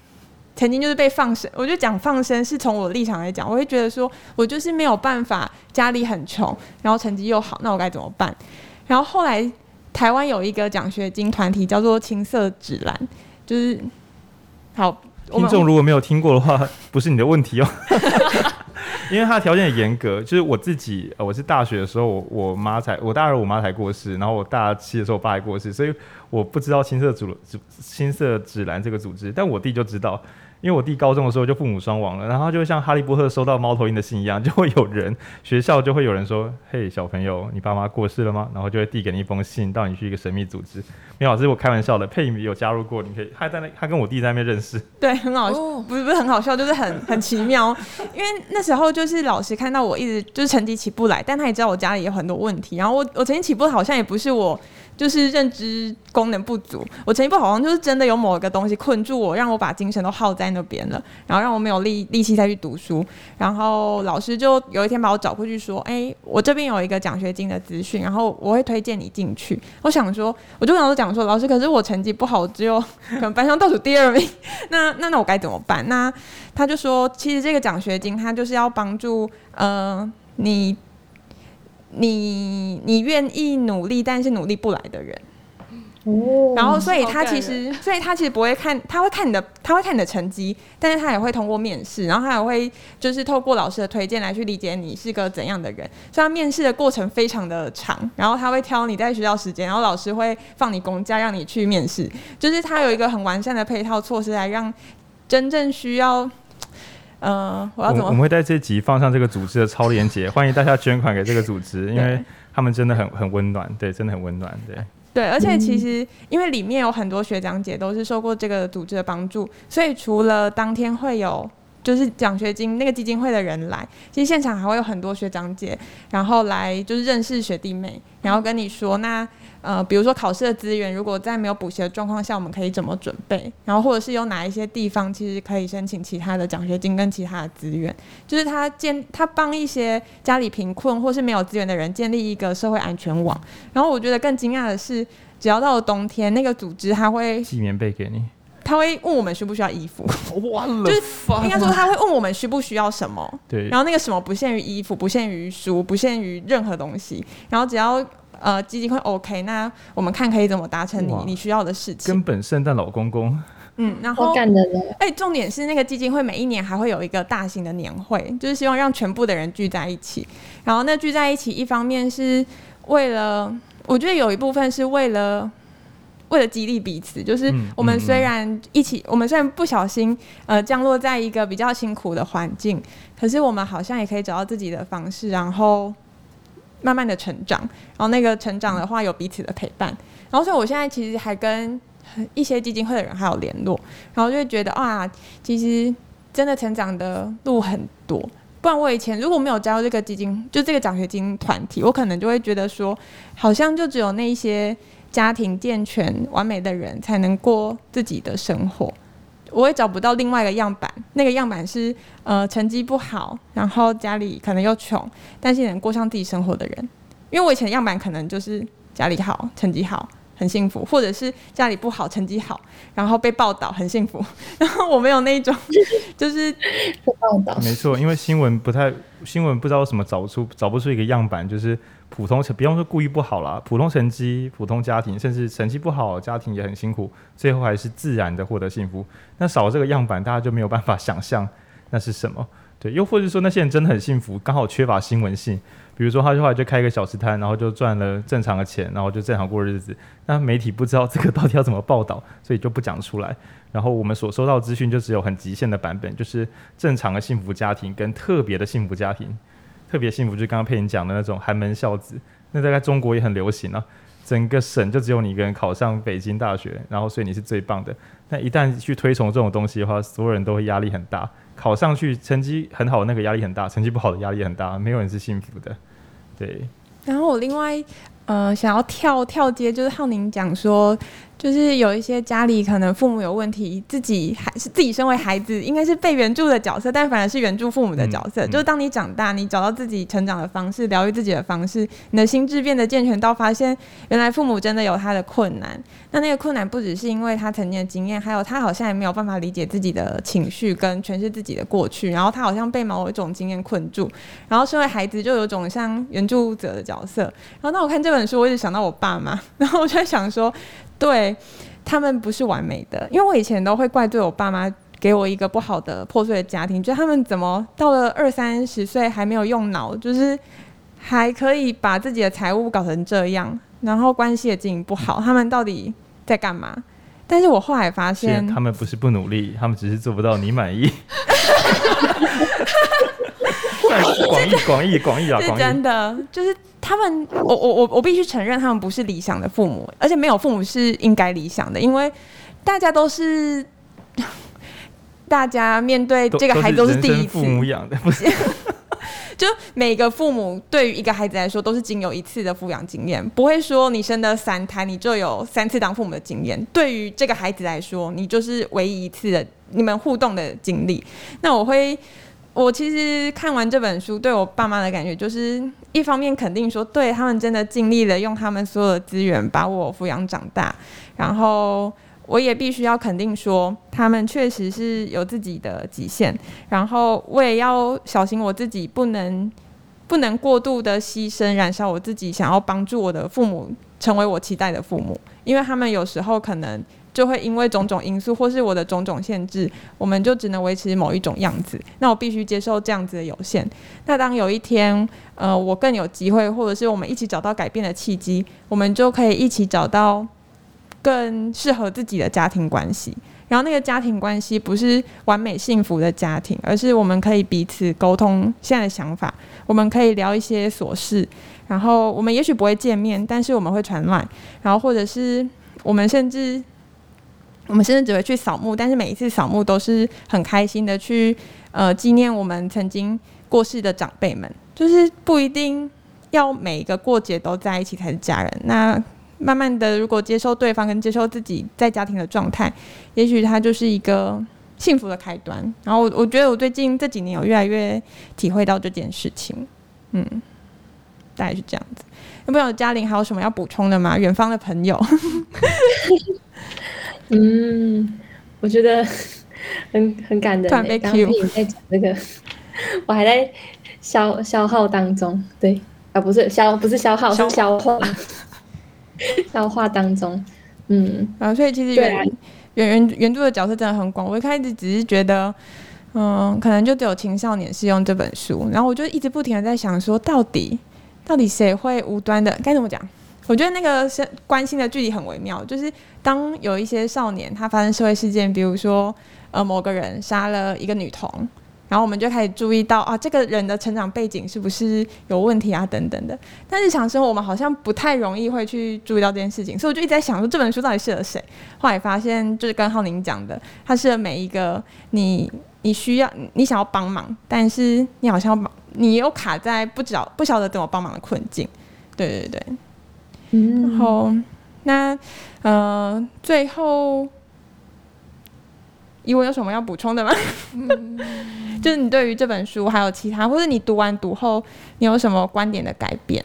曾經就是被放生，我就講放生是從我的立場來講，我會覺得說，我就是沒有辦法，家裡很窮，然後成績又好，那我該怎麼辦？然後後來。台灣有一個獎學金團體叫做青澀芷蘭。就是好聽眾如果沒有聽過的話， 不是你的問題哦 因為他的條件很嚴格。就是我自己，我是大學的時候，我媽才我大二，我媽才過世，然後我大七的時候，我爸也過世，所以。我不知道青澀芷青澀芷蘭這個組織，但我弟就知道，因為我弟高中的時候就父母雙亡了，然後就像哈利波特收到貓頭鷹的信一樣，就會有人學校就會有人說，嘿小朋友，你爸媽過世了嗎？然後就會遞給你一封信，到你去一個神秘組織。苗老師，我開玩笑的，佩米有加入過，你可以，他在那，他跟我弟在那邊認識，對，很好笑，不是不是很好笑，就是很很奇妙， 因為那時候就是老師看到我一直就是成績起不來，但他也知道我家裡有很多問題，然後我我成績起步好像也不是我。就是認知功能不足，我成績不好，好像就是真的有某一個東西困住我，讓我把精神都耗在那邊了，然後讓我沒有力力氣再去讀書。然後老師就有一天把我找過去說：“欸，我這邊有一個獎學金的資訊，然後我會推薦你進去。”我想說，我就跟老師講說：“老師，可是我成績不好，只有可能班上倒數第二名，那那那我該怎麼辦？”那他就說：“其實這個獎學金，他就是要幫助呃你。”你你願意努力，但是努力不來的人，哦，然後所以他其實，所以他其實不會看，他會看你的，他會看你的成績，但是他也會通過面試，然後他也會就是透過老師的推薦來去理解你是個怎樣的人。所以面試的過程非常的長，然後他會挑你在學校時間，然後老師會放你公假讓你去面試，就是他有一個很完善的配套措施來讓真正需要。嗯、呃，我要怎麼？我們會在這集放上這個組織的超連結，歡迎大家捐款給這個組織，因為他們真的很很溫暖，對，真的很溫暖，對。對，而且其實因為裡面有很多學長姐都是受過這個組織的幫助，所以除了當天會有就是獎學金那個基金會的人來，其實現場還會有很多學長姐，然後來就是認識學弟妹，然後跟你說那。呃，比如說考試的資源，如果在沒有補習的狀況下，我們可以怎麼準備？然後或者是有哪一些地方其實可以申請其他的獎學金跟其他的資源？就是他建，他幫一些家裡貧困或是沒有資源的人建立一個社會安全網。然後我覺得更驚訝的是，只要到了冬天，那個組織他會寄棉被給你，他會問我們需不需要衣服。Oh, 就是應該說他會問我們需不需要什麼？對。然後那個什麼不限於衣服，不限於書，不限於任何東西。然後只要。呃，基金會 OK，那我們看可以怎麼達成你你需要的事情。根本聖誕老公公，嗯，然後好感人，哎、欸，重點是那個基金會每一年還會有一個大型的年會，就是希望讓全部的人聚在一起。然後那聚在一起，一方面是為了，我覺得有一部分是為了為了激勵彼此。就是我們雖然一起，嗯嗯嗯，我們雖然不小心呃降落在一個比較辛苦的環境，可是我們好像也可以找到自己的方式，然後。慢慢的成長，然後那個成長的話有彼此的陪伴，然後所以我現在其實還跟一些基金會的人還有聯絡，然後就會覺得啊，其實真的成長的路很多，不然我以前如果沒有加入這個基金，就這個獎學金團體，我可能就會覺得說，好像就只有那些家庭健全、完美的人才能過自己的生活。我也找不到另外一個樣板，那個樣板是，呃，成績不好，然後家裡可能又窮，但是也能過上自己生活的人，因為我以前的樣板可能就是家裡好，成績好。很幸福，或者是家裡不好，成績好，然後被報道很幸福。然後我沒有那一種， 就是被報道。沒錯，因為新聞不太新聞，不知道為什麼找不出找不出一個樣板，就是普通成，不用說故意不好啦，普通成績、普通家庭，甚至成績不好，家庭也很辛苦，最後還是自然的獲得幸福。那少了這個樣板，大家就沒有辦法想象那是什麼。對又或者說那些人真的很幸福，剛好缺乏新聞性。比如說他後來就開一個小吃攤，然後就賺了正常的錢，然後就正常過日子。那媒體不知道這個到底要怎麼報道，所以就不講出來。然後我們所收到資訊就只有很極限的版本，就是正常的幸福家庭跟特別的幸福家庭。特別幸福就是剛剛佳霖講的那種寒門孝子，那大概中國也很流行啊。整個省就只有你一個人考上北京大學，然後所以你是最棒的。但一旦去推崇這種東西的話，所有人都會壓力很大。考上去成績很好，那個壓力很大；成績不好的壓力很大，沒有人是幸福的，對。然後我另外，呃，想要跳跳接，就是浩寧講說。就是有一些家裡可能父母有問題，自己還是自己身為孩子，應該是被援助的角色，但反而是援助父母的角色。嗯嗯、就是當你長大，你找到自己成長的方式，療癒自己的方式，你的心智變得健全，到發現原來父母真的有他的困難。那那個困難不只是因為他曾經的經驗，還有他好像也沒有辦法理解自己的情緒，跟詮釋自己的過去。然後他好像被某一種經驗困住，然後身為孩子就有種像援助者的角色。然後那我看這本書，我一直想到我爸媽，然後我就在想說。對，他們不是完美的，因為我以前都會怪罪我爸媽給我一個不好的、破碎的家庭，覺得他們怎麼到了二三十歲還沒有用腦，就是還可以把自己的財務搞成這樣，然後關係也經營不好，嗯、他們到底在幹嘛？但是我後來發現，他們不是不努力，他們只是做不到你滿意。 但廣益 是廣義廣義廣義啊，真的,是真的就是。他們，我我我我必須承認，他們不是理想的父母，而且沒有父母是應該理想的，因為大家都是，大家面對這個孩子都是第一次，父母養的不是， 就每個父母對於一個孩子來說都是僅有一次的撫養經驗，不會說你生的三胎，你就有三次當父母的經驗。對於這個孩子來說，你就是唯一一次的你們互動的經歷。那我會。我其實看完這本書，對我爸媽的感覺就是，一方面肯定說，對他們真的盡力了，用他們所有的資源把我撫養長大。然後我也必須要肯定說，他們確實是有自己的極限。然後我也要小心我自己，不能不能過度的犧牲，燃燒我自己，想要幫助我的父母成為我期待的父母，因為他們有時候可能。就會因為種種因素，或是我的種種限制，我們就只能維持某一種樣子。那我必須接受這樣子的有限。那當有一天，呃，我更有機會，或者是我們一起找到改變的契機，我們就可以一起找到更適合自己的家庭關係。然後那個家庭關係不是完美幸福的家庭，而是我們可以彼此溝通現在的想法，我們可以聊一些瑣事。然後我們也許不會見面，但是我們會傳 LINE。然後或者是我們甚至。我們現在只會去掃墓，但是每一次掃墓都是很開心的去呃紀念我們曾經過世的長輩們。就是不一定要每一個過節都在一起才是家人。那慢慢的，如果接受對方跟接受自己在家庭的狀態，也許它就是一個幸福的開端。然後我我覺得我最近這幾年有越來越體會到這件事情。嗯，大概是這樣子。有沒有佳霖還有什麼要補充的嗎？遠方的朋友。 嗯，我覺得很很感人，欸。剛聽你在講這個，我還在消消耗當中。對，啊，不是消，不是消耗，消是消化， 消化當中。嗯啊，所以其實原、啊、原原原著的角色真的很廣。我一開始只是覺得，嗯，可能就只有青少年適用這本書。然後我就一直不停的在想說到底到底誰會無端的？該怎麼講？我覺得那個是關心的距離很微妙，就是當有一些少年他發生社會事件，比如說呃某個人殺了一個女童，然後我們就開始注意到啊這個人的成長背景是不是有問題啊等等的。但日常生活我們好像不太容易會去注意到這件事情，所以我就一直在想說這本書到底適合誰？後來發現就是剛好您講的，它適合每一個你你需要你想要幫忙，但是你好像你又卡在不知道不曉得怎麼幫忙的困境。對對對，對。嗯好那，呃，最後，怡雯有什麼要補充的嗎？ 就是你對於這本書，還有其他，或者你讀完讀後，你有什麼觀點的改變？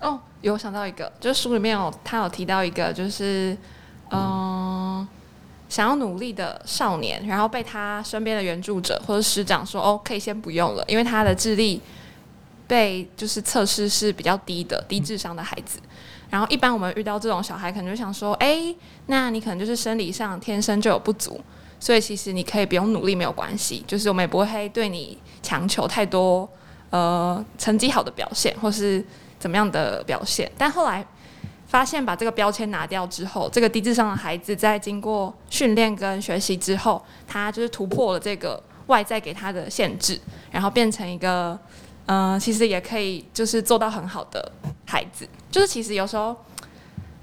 哦，有想到一個，就是書裡面有他有提到一個，就是、呃，嗯，想要努力的少年，然後被他身邊的援助者或者師長說，哦，可以先不用了，因為他的智力。被就是測試是比較低的低智商的孩子，然後一般我們遇到這種小孩，可能就想說，哎、欸，那你可能就是生理上天生就有不足，所以其實你可以不用努力，沒有關係，就是我們也不會對你強求太多，呃，成績好的表現或是怎麼樣的表現。但後來發現把這個標籤拿掉之後，這個低智商的孩子在經過訓練跟學習之後，他就是突破了這個外在給他的限制，然後變成一個。嗯、呃，其實也可以，就是做到很好的孩子。就是其實有時候，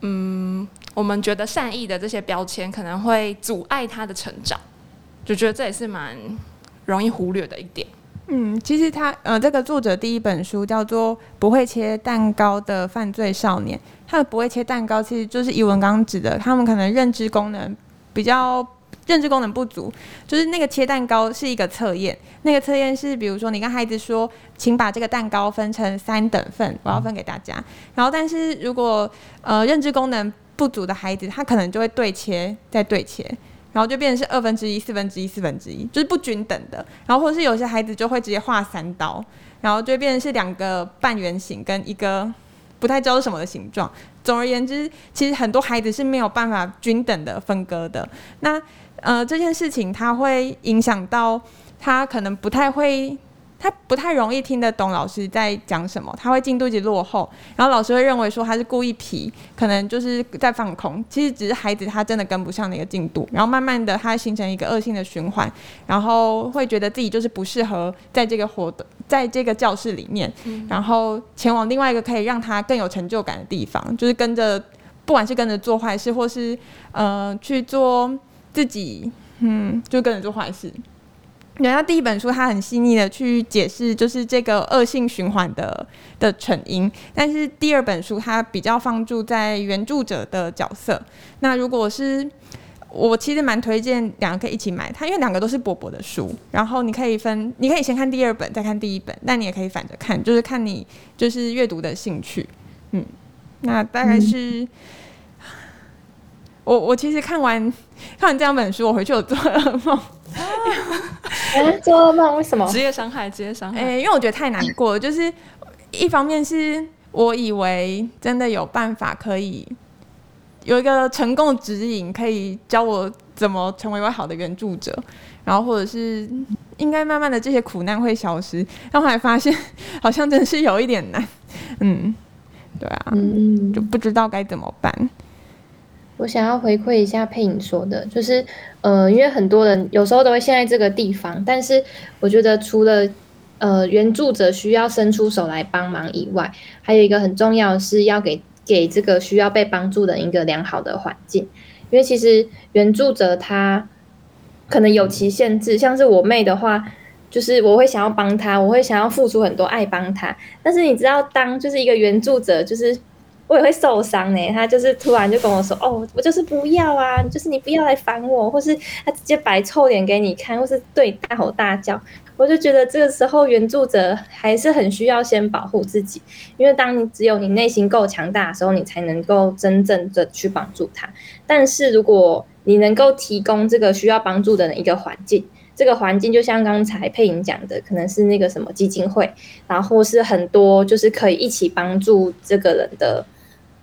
嗯，我們覺得善意的這些標籤可能會阻礙他的成長，就覺得這也是蠻容易忽略的一點。嗯，其實他，嗯、呃，這個作者第一本書叫做《不會切蛋糕的犯罪少年》，他的不會切蛋糕其實就是怡雯剛剛指的，他們可能認知功能比較。認知功能不足，就是那個切蛋糕是一個測驗。那個測驗是，比如說你跟孩子說，請把這個蛋糕分成三等份，我要分給大家。然後，但是如果呃認知功能不足的孩子，他可能就會對切再對切，然後就變成是二分之一、四分之一、四分之一，就是不均等的。然後，或者是有些孩子就會直接畫三刀，然後就變成是兩個半圓形跟一個不太知道是什麼的形狀。總而言之，其實很多孩子是沒有辦法均等的分割的。那呃，這件事情他會影響到他，可能不太會，他不太容易聽得懂老師在講什麼，他會進度一直落後，然後老師會認為說他是故意皮，可能就是在放空，其實只是孩子他真的跟不上那個進度，然後慢慢的他形成一個惡性的循環，然後會覺得自己就是不適合在這個活動，在這個教室裡面，然後前往另外一個可以讓他更有成就感的地方，就是跟着，不管是跟着做壞事，或是呃去做。自己，嗯，就跟着做壞事。然後第一本書，它很細膩的去解釋，就是這個惡性循環的的成因。但是第二本書，它比較放住在援助者的角色。那如果是我，其實蠻推薦兩個可以一起買它，它因為兩個都是薄薄的書。然後你可以分，你可以先看第二本，再看第一本。但你也可以反着看，就是看你就是閱讀的興趣。嗯，那大概是。嗯我我其實看完看完這兩本書，我回去有做噩夢，啊。我、 啊，做噩夢為什麼？職業傷害，職業傷害，欸。因為我覺得太難過了，就是一方面是我以為真的有辦法可以有一個成功指引，可以教我怎麼成為一個好的援助者，然後或者是應該慢慢的這些苦難會消失。但後來發現好像真的是有一點難，嗯，對啊，嗯，就不知道該怎麼辦。我想要回饋一下佩穎說的，就是，呃，因為很多人有時候都會陷在這個地方，但是我覺得除了，呃，援助者需要伸出手來幫忙以外，還有一個很重要的是要給給這個需要被幫助的一個良好的環境，因為其實援助者他可能有其限制，像是我妹的話，就是我會想要幫他，我會想要付出很多愛幫他，但是你知道，當就是一個援助者就是。我也會受傷呢、欸。他就是突然就跟我說：“哦，我就是不要啊，就是你不要來煩我，或是他直接擺臭臉給你看，或是對你大吼大叫。”我就覺得這個時候，援助者還是很需要先保護自己，因為當你只有你內心夠強大的時候，你才能夠真正的去幫助他。但是如果你能夠提供這個需要幫助的人一個環境，這個環境就像剛才佩瑩講的，可能是那個什麼基金會，然後是很多就是可以一起幫助這個人的。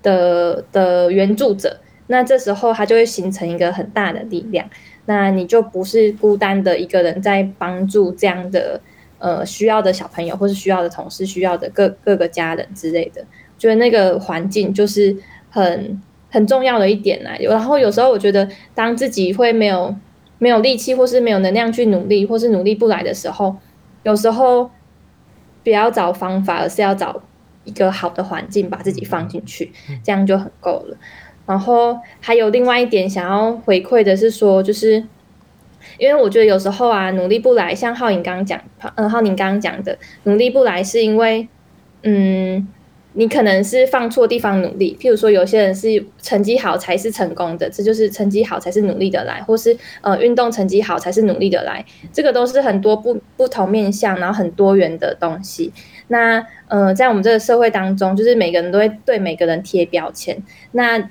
的的援助者，那這時候他就會形成一個很大的力量，那你就不是孤單的一個人在幫助這樣的呃需要的小朋友，或是需要的同事，需要的各各個家人之類的，覺得那個環境就是很很重要的一點呢。然後有時候我覺得，當自己會沒有沒有力氣，或是沒有能量去努力，或是努力不來的時候，有時候不要找方法，而是要找。一個好的環境把自己放進去，這樣就很夠了。然後還有另外一點想要回饋的是說，就是因為我覺得有時候啊，努力不來，像浩穎剛剛講，嗯、呃，浩寧剛剛講的，努力不來是因為，嗯，你可能是放錯地方努力。譬如說，有些人是成績好才是成功的，這就是成績好才是努力的來，或是呃，運動成績好才是努力的來，這個都是很多不不同面向，然後很多元的東西。那，呃，在我們這個社會當中，就是每個人都會對每個人貼標籤。那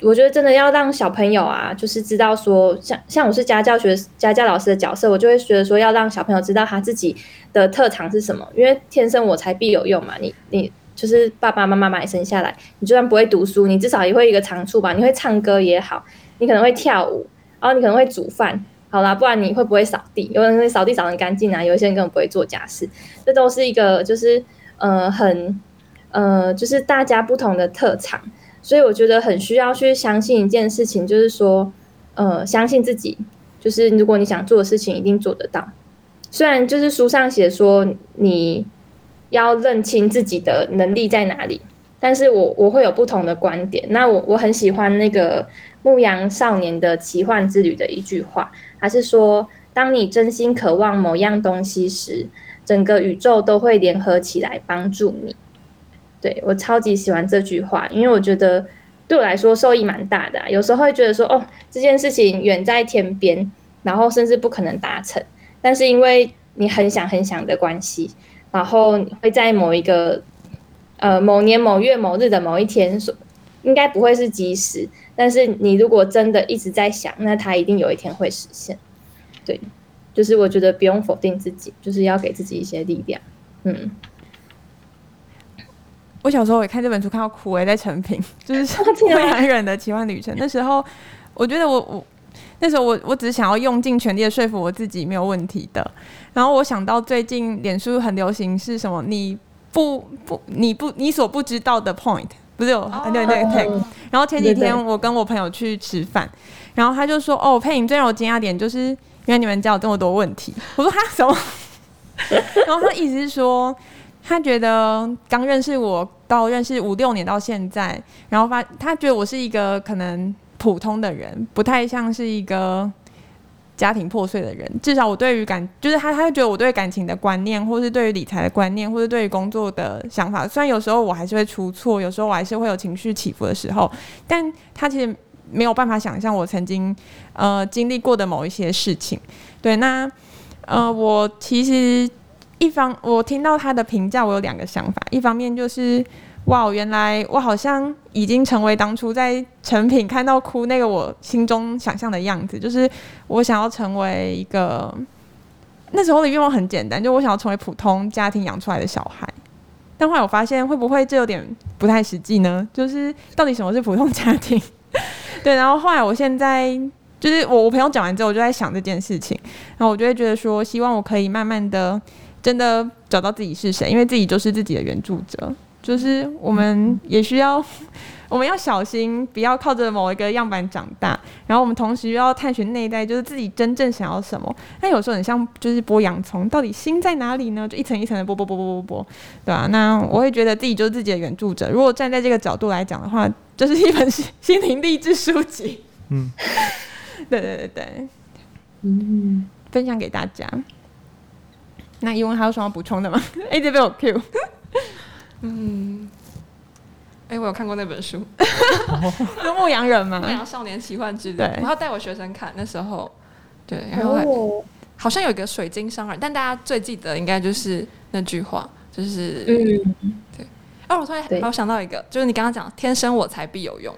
我覺得真的要讓小朋友啊，就是知道說，像像我是家教學家教老師的角色，我就會覺得說，要讓小朋友知道他自己的特長是什麼，因為天生我材必有用嘛。你你就是爸爸媽媽把你生下來，你就算不會讀書，你至少也會一個長處吧。你會唱歌也好，你可能會跳舞，然後你可能會煮飯。好啦，不然你會不會掃地？因為掃地掃很乾淨啊。有些人根本不會做家事，這都是一個就是呃很呃就是大家不同的特長。所以我覺得很需要去相信一件事情，就是說呃相信自己，就是如果你想做的事情一定做得到。雖然就是書上寫說你要認清自己的能力在哪裡，但是我我會有不同的觀點。那我我很喜歡那個《牧羊少年的奇幻之旅》的一句話。還是說，當你真心渴望某樣東西時，整個宇宙都會聯合起來幫助你。對，我超級喜歡這句話，因為我覺得對我來說受益蠻大的啊。有時候會覺得說，哦，這件事情遠在天邊，然後甚至不可能達成，但是因為你很想很想的關係，然後會在某一個呃某年某月某日的某一天，所應該不會是即時。但是你如果真的一直在想，那他一定有一天會實現。對，就是我覺得不用否定自己，就是要給自己一些力量。嗯，我小時候我也看這本書，看到哭誒、欸，在成品就是會難忍的奇幻旅程。 那時候我覺得我我那時候我我只想要用盡全力的說服我自己沒有問題的。然後我想到最近臉書很流行是什麼？你不不你不你所不知道的 point。不是哦，oh, 對對對,、oh. 對，然後前幾天我跟我朋友去吃飯，然後他就說哦，佩穎最讓我驚訝點就是因為你們家有這麼多問題。我說他什麼？ 然後他意思是說，他覺得剛認識我到認識五六年到現在，然後發他覺得我是一個可能普通的人，不太像是一個。家庭破碎的人，至少我對於感，就是他，他就覺得我對感情的觀念，或是對於理財的觀念，或是對於工作的想法，雖然有時候我還是會出錯，有時候我還是會有情緒起伏的時候，但他其實沒有辦法想象我曾經呃經歷過的某一些事情。對，那呃，我其實一方，我聽到他的評價，我有兩個想法，一方面就是。哇，原來我好像已經成為當初在誠品看到哭那個我心中想象的樣子，就是我想要成為一個那時候的願望很簡單，就我想要成為普通家庭養出來的小孩。但後來我發現，會不會這有點不太實際呢？就是到底什麼是普通家庭？ 對，然後後來我現在就是我，我朋友講完之後，我就在想這件事情，然後我就會覺得說，希望我可以慢慢的真的找到自己是誰，因為自己就是自己的原著者。就是我們也需要，我們要小心，不要靠着某一個樣板長大。然後我們同時又要探尋內在，就是自己真正想要什麼。但有時候很像，就是剝洋蔥，到底心在哪裡呢？就一層一層的剝，剝，剝，剝，剝，剝，對吧、啊？那我會覺得自己就是自己的原著者。如果站在這個角度來講的話，這、就是一本心心靈勵志書籍。嗯， 對對對對，嗯，分享給大家。那怡雯還有什麼補充的嗎？A W Q。 欸嗯，哎、欸，我有看過那本書，哦《 牧羊人》嘛，《牧羊少年奇幻之旅》。對，我要帶我學生看。那時候，對，然後、哦、好像有一個水晶商人，但大家最記得應該就是那句話，就是嗯，對。哦，我突然還想到一個，就是你剛剛講“天生我材必有用”，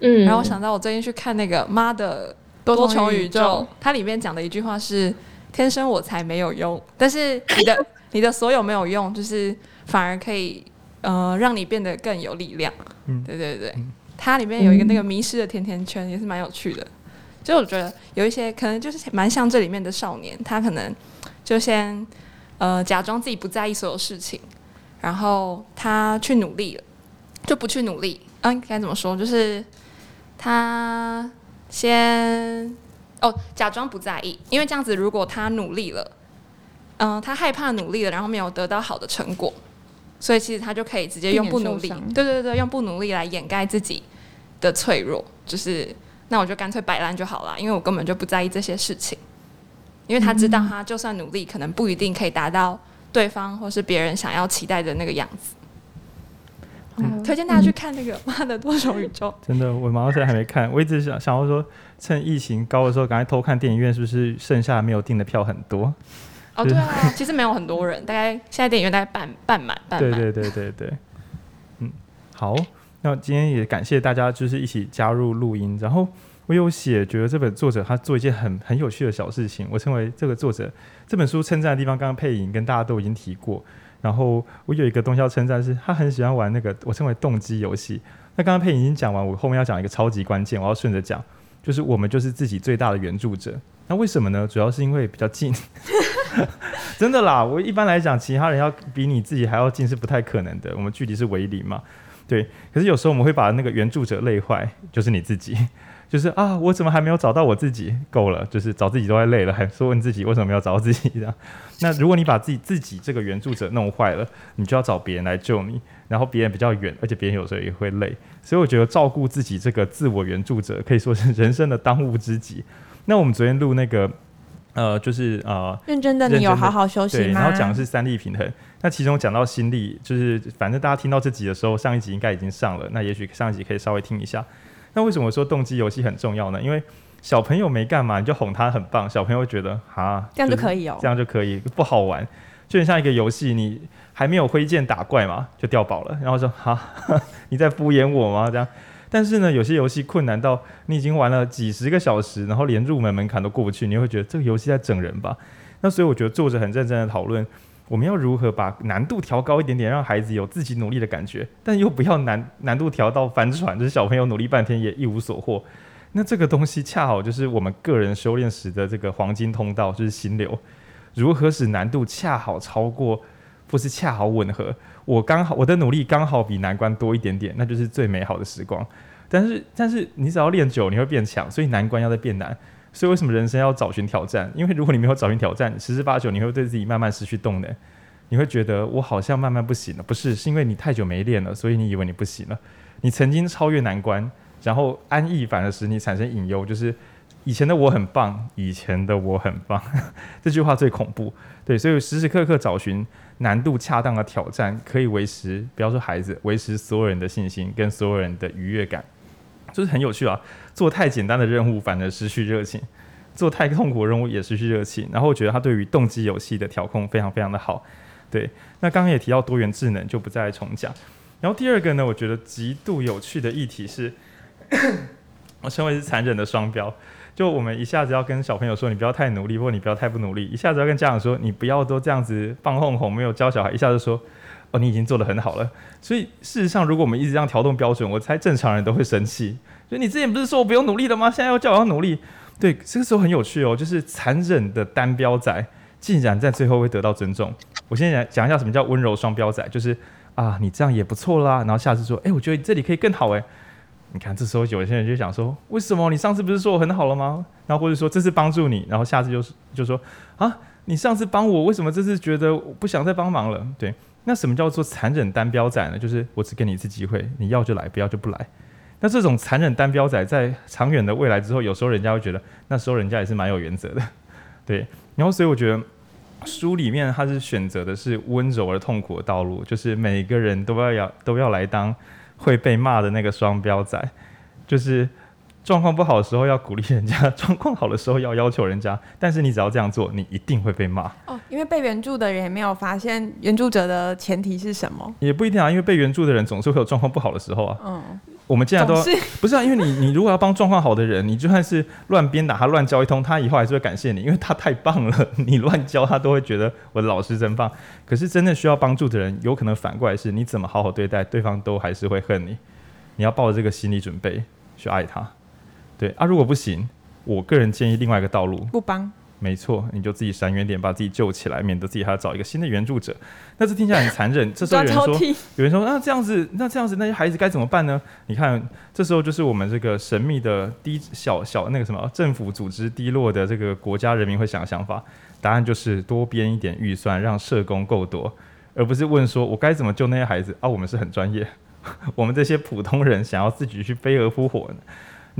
嗯，然後我想到我最近去看那個《媽的多重宇宙》多重宇宙，它裡面講的一句話是“天生我才沒有用”，但是你的 你的所有沒有用，就是。反而可以，呃，讓你變得更有力量。嗯、對對對，它、嗯、裡面有一個那個迷失的甜甜圈，也是蠻有趣的。就我覺得有一些可能就是蠻像這裡面的少年，他可能就先，呃，假裝自己不在意所有事情，然後他去努力了，就不去努力。嗯，該怎麼說？就是他先哦假裝不在意，因為這樣子如果他努力了，嗯、呃，他害怕努力了，然後沒有得到好的成果。所以其實他就可以直接用不努力，對對對，對，用不努力來掩蓋自己的脆弱，就是那我就乾脆擺爛就好了，因為我根本就不在意這些事情。因為他知道，他就算努力，可能不一定可以達到對方或是別人想要期待的那個樣子，嗯。推薦大家去看那個《媽的多重宇宙》，嗯。真的，我忙到現在還沒看，我一直想想要說，趁疫情高的時候，趕快偷看電影院，是不是剩下沒有訂的票很多？哦，對啊，其實沒有很多人，大概現在電影院大概半半滿，半滿。對對對對對，嗯，好，那今天也感謝大家，就是一起加入錄音。然後我有寫，覺得這本作者他做一件很很有趣的小事情，我稱為這個作者這本書稱讚的地方。剛剛佩穎跟大家都已經提過。然後我有一個東西要稱讚，是他很喜歡玩那個我稱為動機遊戲。那剛剛佩穎已經講完，我後面要講一個超級關鍵，我要順着講，就是我們就是自己最大的援助者。那為什麼呢？主要是因為比較近， 真的啦。我一般來講，其他人要比你自己還要近是不太可能的。我們距離是為零嘛？對。可是有時候我們會把那個援助者累壞，就是你自己，就是啊，我怎麼還沒有找到我自己？夠了，就是找自己都快累了，還說問自己為什麼要找自己呢？那如果你把自己自己這個援助者弄壞了，你就要找別人來救你，然後別人比較遠，而且別人有時候也會累。所以我覺得照顧自己這個自我援助者可以說是人生的當務之急。那我們昨天錄那個，呃，就是啊、呃，認真的你有好好休息嗎？然後講的是三力平衡，那其中講到心力，就是反正大家聽到這集的時候，上一集應該已經上了，那也許上一集可以稍微聽一下。那為什麼說動機遊戲很重要呢？因為小朋友沒幹嘛，你就哄他很棒，小朋友會覺得啊、就是，這樣就可以哦，這樣就可以，不好玩，就很像一個遊戲，你還沒有揮劍打怪嘛，就掉寶了，然後說哈你在敷衍我嗎？這樣。但是呢，有些遊戲困難到你已經玩了幾十個小時，然後連入門門檻都過不去，你會覺得這個遊戲在整人吧？那所以我覺得作者很認真的討論，我們要如何把難度調高一點點，讓孩子有自己努力的感覺，但又不要難難度調到翻船，就是小朋友努力半天也一無所獲。那這個東西恰好就是我們個人修煉時的這個黃金通道，就是心流。如何使難度恰好超過，不是恰好吻合？我剛好，我的努力剛好比難關多一點點，那就是最美好的時光。但是，但是你只要練久，你會變強，所以難關要再變難。所以，為什麼人生要找尋挑戰？因為如果你沒有找尋挑戰，十之八九你會對自己慢慢失去動力。你會覺得我好像慢慢不行了。不是，是因為你太久沒練了，所以你以為你不行了。你曾經超越難關，然後安逸反而使你產生隱憂，就是以前的我很棒，以前的我很棒， 這句話最恐怖。對，所以時時刻刻找尋。難度恰當的挑戰可以維持，不要說孩子，維持所有人的信心跟所有人的愉悅感，就是很有趣啊。做太簡單的任務反而失去熱情，做太痛苦的任務也失去熱情。然後我覺得他對於動機遊戲的調控非常非常的好。對，那剛剛也提到多元智能，就不再重講。然後第二個呢，我覺得極度有趣的議題是，我稱 為是殘忍的雙標。就我們一下子要跟小朋友說，你不要太努力，或者你不要太不努力。一下子要跟家長說，你不要都這樣子放吼吼，沒有教小孩。一下子說，哦，你已經做得很好了。所以事實上，如果我們一直這樣調動標準，我猜正常人都會生氣。所以你之前不是說我不用努力了嗎？現在又叫我要努力。對，這個時候很有趣哦，就是殘忍的單標仔，竟然在最後會得到尊重。我現在講一下什麼叫溫柔雙標仔，就是啊，你這樣也不錯啦。然後下次說，哎、欸，我覺得這裡可以更好、欸，誒。你看，這時候有些人就想說，為什麼你上次不是說我很好了嗎？那或者說這次幫助你，然後下次就是就說啊，你上次幫我，為什麼這次覺得我不想再幫忙了？對，那什麼叫做殘忍單標仔呢？就是我只給你一次機會，你要就來，不要就不來。那這種殘忍單標仔，在長遠的未來之後，有時候人家會覺得，那時候人家也是蠻有原則的，對。然後所以我覺得書裡面他是選擇的是溫柔而痛苦的道路，就是每個人都要要都要來當。會被罵的那個雙標仔，就是狀況不好的時候要鼓勵人家，狀況好的時候要要求人家，但是你只要這樣做，你一定會被罵。哦，因為被援助的人也沒有發現援助者的前提是什麼？也不一定啊，因為被援助的人總是會有狀況不好的時候啊。嗯。我們現在都不是啊，因為你你，如果要幫狀況好的人，你就算是亂鞭打他亂教一通，他以後還是會感謝你，因為他太棒了，你亂教他都會覺得我的老師真棒。可是真的需要幫助的人，有可能反過來是你怎麼好好對待，對方都還是會恨你。你要抱著這個心理準備去愛他。對啊，如果不行，我個人建議另外一個道路，不幫。沒錯，你就自己閃遠點，把自己救起來，免得自己還要找一個新的援助者。那這聽起來很殘忍。 這時候有人說，有人說，那、啊、這樣子，那這樣子，那些孩子該怎麼辦呢？你看，這時候就是我們這個神秘的低小小那個什麼政府組織低落的這個國家人民會想想法。答案就是多編一點預算，讓社工夠多，而不是問說我該怎麼救那些孩子啊？我們是很專業， 我們這些普通人想要自己去飛蛾撲火呢？.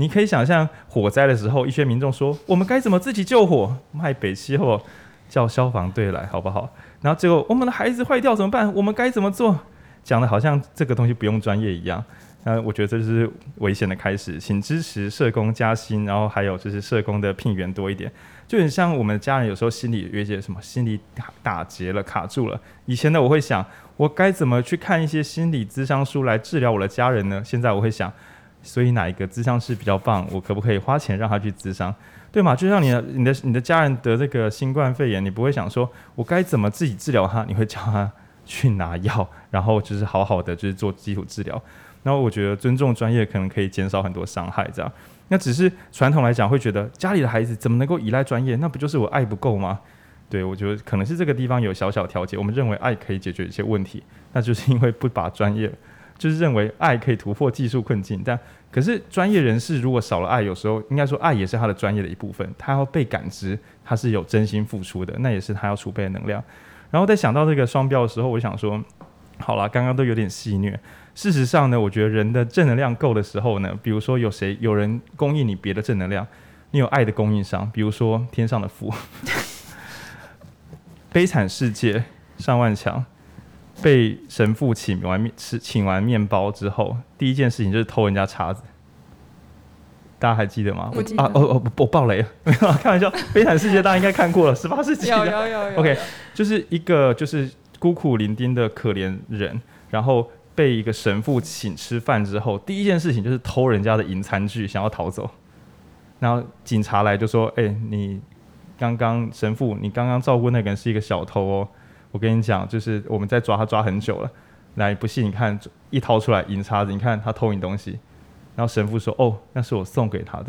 你可以想象火災的時候，一些民眾說：“我們該怎麼自己救火？賣北七喔，叫消防隊來，好不好？”然後最後我們的孩子壞掉怎麼辦？我們該怎麼做？講得好像這個東西不用專業一樣。那我覺得這是危險的開始。請支持社工加薪，然後還有就是社工的聘員多一點。就很像我們家人有時候心裡有些什麼心理打，打結了，卡住了。以前呢，我會想，我該怎麼去看一些心理諮商書來治療我的家人呢？現在我會想。所以哪一個諮商師比較棒？我可不可以花錢讓他去諮商？對嘛？就像你、你的、你的家人得這個新冠肺炎，你不會想說，我該怎麼自己治療他？你會叫他去拿藥，然後就是好好的，就是做基礎治療。那我覺得尊重專業，可能可以減少很多傷害，這樣。那只是傳統來講，會覺得家裡的孩子怎麼能夠依賴專業？那不就是我愛不夠嗎？對，我覺得可能是這個地方有小小調節。我們認為愛可以解決一些問題，那就是因為不把專業。就是認為愛可以突破技術困境，但可是專業人士如果少了愛，有時候應該說，愛也是他的專業的一部分，他要被感知，他是有真心付出的，那也是他要儲備的能量。然後在想到這個雙標的時候，我想說，好啦，剛剛都有點戲謔。事實上呢，我覺得人的正能量夠的時候呢，比如說有誰有人供應你別的正能量，你有愛的供應商，比如說天上的父， 悲慘世界，尚萬強。被神父請完麵吃，請完麵包之後，第一件事情就是偷人家叉子，大家還記得嗎？我記得我啊，哦、喔、哦，我爆雷了，沒 有開玩笑，《悲慘世界》大家應該看過了，十八世紀 有有有。OK，就是一個就是孤苦伶仃的可憐人，然後被一個神父請吃飯之後，第一件事情就是偷人家的銀餐具，想要逃走。然後警察來就說：“哎，你剛剛神父，你剛剛照顧那個人是一個小偷哦。”我跟你講，就是我們在抓他抓很久了，來，不信你看，一掏出來，銀叉子，你看他偷你東西。然後神父說：“哦，那是我送給他的。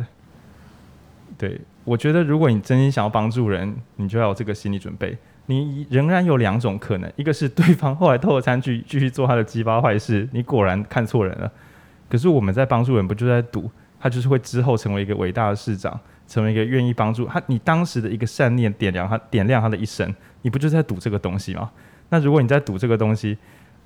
對。”對我覺得，如果你真心想要幫助人，你就要有這個心理準備。你仍然有兩種可能：一個是對方後來偷了餐具，繼續做他的雞巴壞事；你果然看錯人了。可是我們在幫助人，不就在賭他就是會之後成為一個偉大的市長，成為一個願意幫助他。你當時的一個善念點亮他，點亮他的一生。你不就是在賭這個東西嗎？那如果你在賭這個東西，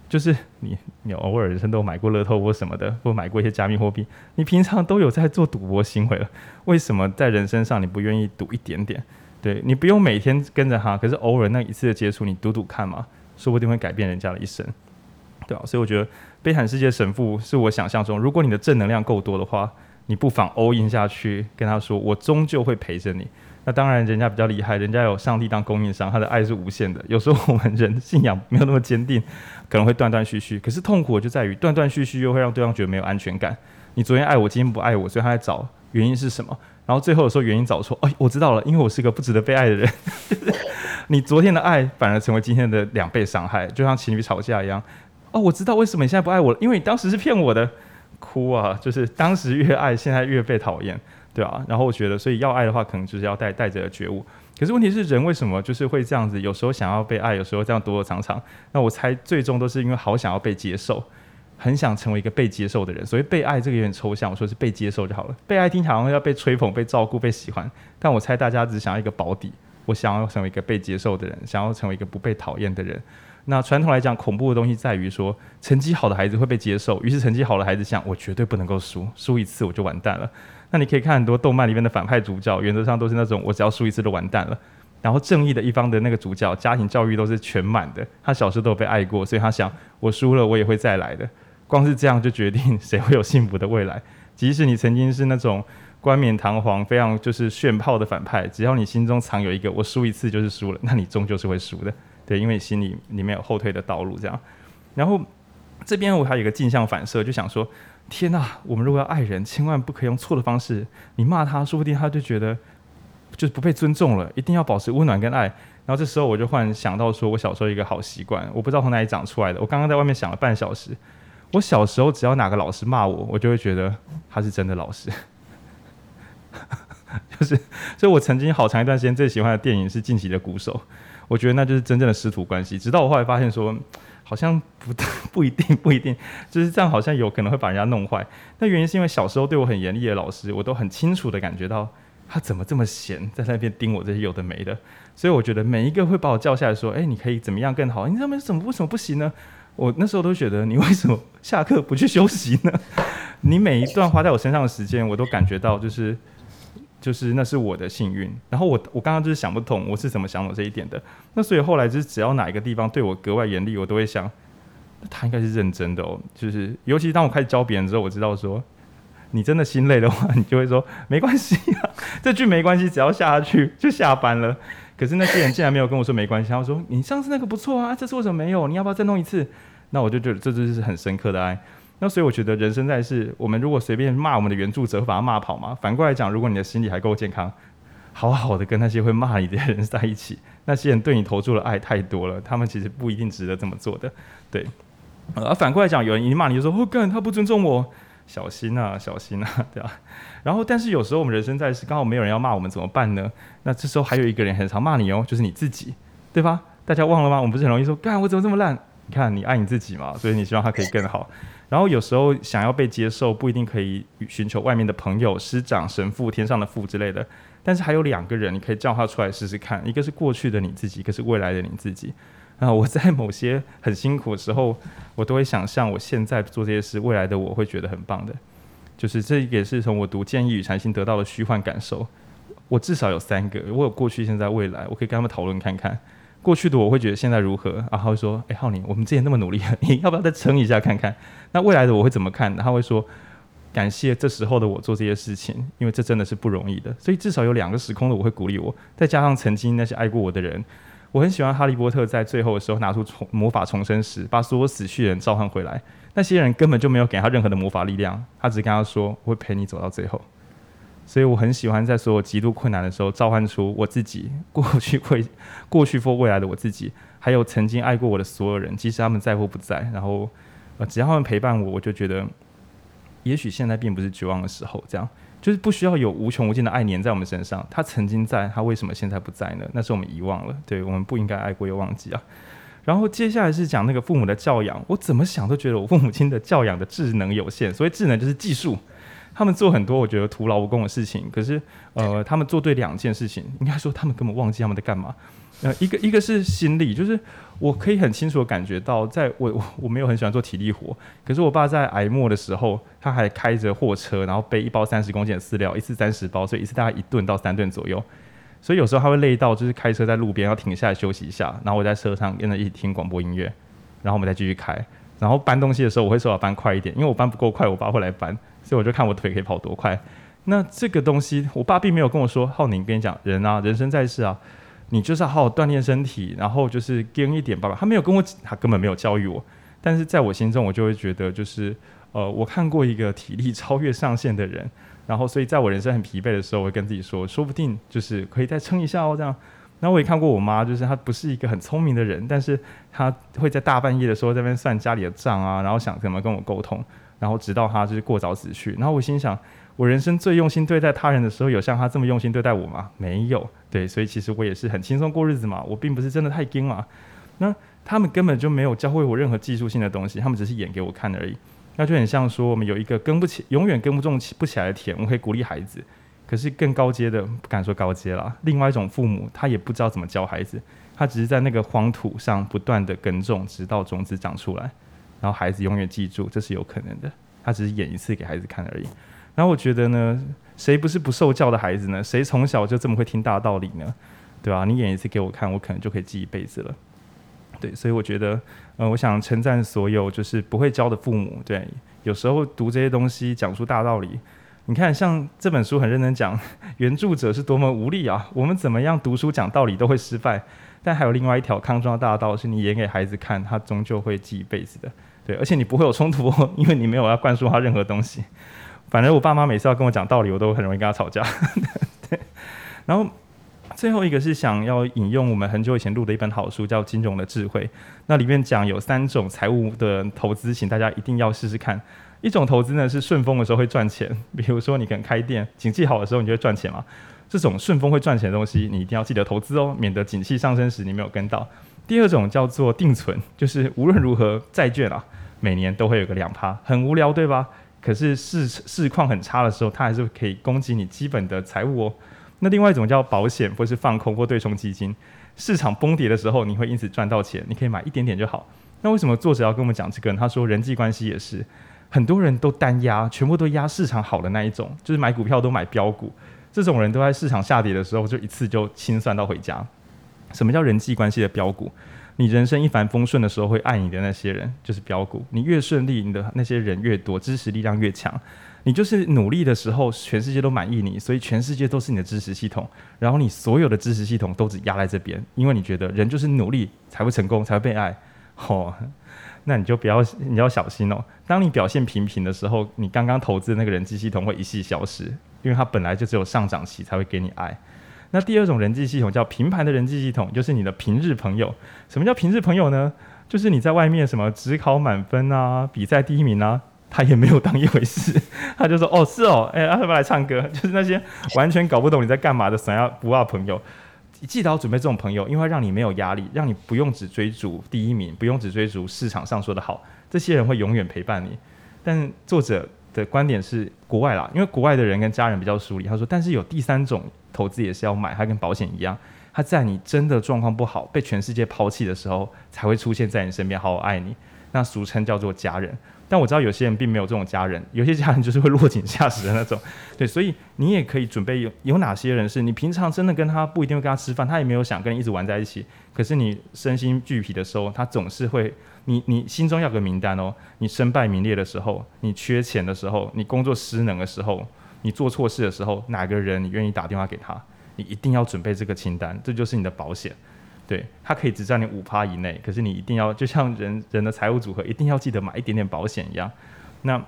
就是你你偶爾人生都買過樂透或什麼的，或買過一些加密貨幣，你平常都有在做賭博行為了。為什麼在人生上你不願意賭一點點？對你不用每天跟着他，可是偶爾那一次的接觸，你賭賭看嘛，說不定會改變人家的一生，對啊，所以我覺得悲慘世界神父是我想象中，如果你的正能量夠多的話，你不妨歐印下去，跟他說，我終究會陪着你。那當然，人家比較厲害，人家有上帝當供應商，他的愛是無限的。有時候我們人的信仰沒有那麼堅定，可能會斷斷續續。可是痛苦就在於斷斷續續，又會讓對方覺得沒有安全感。你昨天愛我，今天不愛我，所以他在找原因是什麼？然後最後說原因找錯，哎、哦，我知道了，因為我是個不值得被愛的人。 你昨天的愛反而成為今天的兩倍傷害，就像情侶吵架一樣。哦，我知道為什麼你現在不愛我了，因為你當時是騙我的。哭啊，就是當時越愛，現在越被討厭。對啊，然後我覺得，所以要愛的話，可能就是要帶帶着覺悟。可是問題是，人為什麼就是會這樣子？有時候想要被愛，有時候這樣躲躲藏藏。那我猜，最終都是因為好想要被接受，很想成為一個被接受的人。所以被愛這個有點抽象，我說是被接受就好了。被愛聽起來好像要被吹捧、被照顧、被喜歡，但我猜大家只想要一個保底。我想要成為一個被接受的人，想要成為一個不被討厭的人。那傳統來講，恐怖的東西在於說，成績好的孩子會被接受，於是成績好的孩子想，我絕對不能夠輸，輸一次我就完蛋了。那你可以看很多動漫裡面的反派主角，原則上都是那種我只要輸一次就完蛋了。然後正義的一方的那個主角，家庭教育都是全滿的，他小時候都有被愛過，所以他想我輸了我也會再來的。光是這樣就決定誰會有幸福的未來。即使你曾經是那種冠冕堂皇、非常就是炫炮的反派，只要你心中藏有一個我輸一次就是輸了，那你終究是會輸的。對，因為你心裡裡面有後退的道路這樣。然後這邊我還有一個鏡像反射，就想說。天吶、啊！我們如果要愛人，千萬不可以用錯的方式。你罵他，說不定他就覺得就不被尊重了。一定要保持溫暖跟愛。然後這時候我就忽然想到，說我小時候一個好習慣，我不知道從哪裡長出來的。我剛剛在外面想了半小時。我小時候只要哪個老師罵我，我就會覺得他是真的老師。 就是，所以我曾經好長一段時間最喜歡的電影是《進擊的鼓手》，我覺得那就是真正的師徒關係。直到我後來發現說。好像不不一定不一定，就是這樣，好像有可能會把人家弄壞。那原因是因為小時候對我很嚴厲的老師，我都很清楚地感覺到他怎麼這麼閒，在那邊盯我這些有的沒的。所以我覺得每一個會把我叫下來說：“哎、欸，你可以怎麼樣更好？”你怎麼怎麼為什麼不行呢？我那時候都覺得你為什麼下課不去休息呢？你每一段花在我身上的時間，我都感覺到就是。就是那是我的幸運，然後我我剛剛就是想不通我是怎麼想我這一點的，那所以後來就是只要哪一個地方對我格外嚴厲，我都會想，他應該是認真的哦。就是尤其當我開始教別人的時候，我知道說你真的心累的話，你就會說沒關係啊，這句沒關係，只要下去就下班了。可是那些人竟然沒有跟我說沒關係，他會說你上次那個不錯啊，啊，這次為什麼沒有？你要不要再弄一次？那我就覺得這就是很深刻的愛。那所以我覺得人生在世，我們如果隨便罵我們的援助者，會把他罵跑嘛。反過來講，如果你的心理還夠健康，好，好好的跟那些會罵你的人在一起，那些人對你投注的愛太多了，他們其實不一定值得這麼做的。對，而、啊、反過來講，有人一罵你就說：“哦，幹他不尊重我，小心啊，小心啊，對吧、啊？”然後，但是有時候我們人生在世，剛好沒有人要罵我們，怎麼辦呢？那這時候還有一個人很常罵你哦，就是你自己，對吧？大家忘了嗎？我們不是很容易說：“幹我怎麼這麼爛？”你看，你愛你自己嘛，所以你希望他可以更好。然後有時候想要被接受，不一定可以尋求外面的朋友、師長、神父、天上的父之類的。但是還有兩個人，你可以叫他出來試試看。一個是過去的你自己，一個是未來的你自己。啊，我在某些很辛苦的時候，我都會想象我現在做這些事，未來的我會覺得很棒的。就是這也是從我讀《建議與禪心》得到的虛幻感受。我至少有三個，我有過去、現在、未來，我可以跟他們討論看看。過去的我會覺得現在如何，然後，啊，說：“哎，浩寧，我們之前那麼努力，你要不要再撐一下看看？”那未來的我會怎麼看呢？他會說，感謝這時候的我做這些事情，因為這真的是不容易的。所以至少有兩個時空的我會鼓勵我，再加上曾經那些愛過我的人，我很喜歡哈利波特在最後的時候拿出重魔法重生石把所有死去的人召喚回來。那些人根本就沒有給他任何的魔法力量，他只跟他說：“我會陪你走到最後。”所以我很喜歡在所有極度困難的時候召喚出我自己過去過過去或未來的我自己，還有曾經愛過我的所有人，即使他們在或不在，然後。呃，只要他們陪伴我，我就覺得，也許現在並不是絕望的時候。這樣，就是不需要有無窮無盡的愛黏在我們身上。他曾經在，他為什麼現在不在呢？那是我們遺忘了，對，我們不應該愛過又忘記啊。然後接下來是講那個父母的教養，我怎麼想都覺得我父母親的教養的智能有限。所謂智能就是技術，他們做很多我覺得徒勞無功的事情，可是呃，他們做對兩件事情，應該說他們根本忘記他們在幹嘛。呃，一個一個是心理，就是我可以很清楚的感覺到，在我我我沒有很喜歡做體力活，可是我爸在癌末的時候，他還開着貨車，然後背一包三十公斤的飼料，一次三十包，所以一次大概一頓到三頓左右，所以有時候他會累到就是開車在路邊要停下來休息一下，然後我在車上跟着一起聽廣播音樂，然後我們再繼續開，然後搬東西的時候我會說要搬快一點，因為我搬不夠快，我爸會來搬，所以我就看我腿可以跑多快。那這個東西，我爸並沒有跟我說，浩寧跟你講，人啊，人生在世啊。你就是要好好鍛鍊身體，然後就是跟一點爸爸。他沒有跟我，他根本沒有教育我。但是在我心中，我就會覺得就是，呃，我看過一個體力超越上限的人，然後所以在我人生很疲憊的時候，我會跟自己說，說不定就是可以再撐一下哦，這樣。然後我也看過我媽，就是她不是一個很聰明的人，但是她會在大半夜的時候在那邊算家裡的賬啊，然後想怎麼跟我溝通，然後直到她就是過早死去。然後我心想。我人生最用心對待他人的時候，有像他這麼用心對待我嗎？沒有。對，所以其實我也是很輕鬆過日子嘛，我並不是真的太精了。那他們根本就沒有教會我任何技術性的東西，他們只是演給我看而已。那就很像說，我們有一個跟不起，永遠跟不種不起來的田，我可以鼓勵孩子。可是更高階的，不敢說高階啦。另外一種父母，他也不知道怎麼教孩子，他只是在那個荒土上不斷的耕種，直到種子長出來，然後孩子永遠記住，這是有可能的。他只是演一次給孩子看而已。然後我覺得呢，誰不是不受教的孩子呢？誰從小就這麼會聽大道理呢？對吧、啊？你演一次給我看，我可能就可以記一輩子了。對，所以我覺得，呃，我想稱讚所有就是不會教的父母。對，有時候讀這些東西，講出大道理。你看，像這本書很認真講，原著者是多麼無力啊。我們怎麼樣讀書講道理都會失敗，但還有另外一條康莊大道，是你演給孩子看，他終究會記一輩子的。對，而且你不會有衝突，因為你沒有要灌輸他任何東西。反正我爸媽每次要跟我講道理，我都很容易跟他吵架。對，對，然後最後一個是想要引用我們很久以前錄的一本好書，叫《金融的智慧》。那裡面講有三種財務的投資，請大家一定要試試看。一種投資呢是順風的時候會賺錢，比如說你可能開店，景氣好的時候你就會賺錢嘛。這種順風會賺錢的東西，你一定要記得投資哦，免得景氣上升時你沒有跟到。第二種叫做定存，就是無論如何債券啊，每年都會有個兩趴，很無聊對吧？可是市市況很差的時候，它還是可以供給你基本的財務哦。那另外一種叫保險，或是放空或對沖基金。市場崩跌的時候，你會因此賺到錢。你可以買一點點就好。那為什麼作者要跟我們講這個？他說人際關係也是，很多人都單押，全部都押市場好的那一種，就是買股票都買飆股。這種人都在市場下跌的時候，就一次就清算到回家。什麼叫人際關係的飆股？你人生一帆風順的時候，會愛你的那些人就是飆股。你越順利，你的那些人越多，支持力量越強。你就是努力的時候，全世界都滿意你，所以全世界都是你的支持系統。然後你所有的支持系統都只壓在這邊，因為你覺得人就是努力才會成功，才會被愛。哦，那你就不要，你要小心哦。當你表現平平的時候，你剛剛投資的那個人際系統會一起消失，因為它本來就只有上漲期才會給你愛。那第二種人際系統叫平凡的人際系統，就是你的平日朋友。什麼叫平日朋友呢？就是你在外面什麼只考滿分啊，比賽第一名啊，他也沒有當一回事，他就說：“哦，是哦，誒、欸，讓他們來唱歌。”就是那些完全搞不懂你在幹嘛的傻瓜朋友。你記得要準備這種朋友，因為讓你沒有壓力，讓你不用只追逐第一名，不用只追逐市場上說的好。這些人會永遠陪伴你。但作者的觀點是國外啦，因為國外的人跟家人比較疏離。他說，但是有第三種投資也是要買，它跟保險一樣，它在你真的狀況不好、被全世界拋棄的時候，才會出現在你身邊，好好愛你。那俗稱叫做家人。但我知道有些人並沒有這種家人，有些家人就是會落井下石的那種。對，所以你也可以準備有有哪些人是你平常真的跟他不一定會跟他吃飯，他也沒有想跟你一直玩在一起，可是你身心俱疲的時候，他總是會。你你心中要個名單哦，你身敗名裂的時候，你缺錢的時候，你工作失能的時候，你做錯事的時候，哪個人你願意打電話給他？你一定要準備這個清單，這就是你的保險。對，它可以只占你五趴以內，可是你一定要，就像人人的財務組合，一定要記得買一點點保險一樣。那。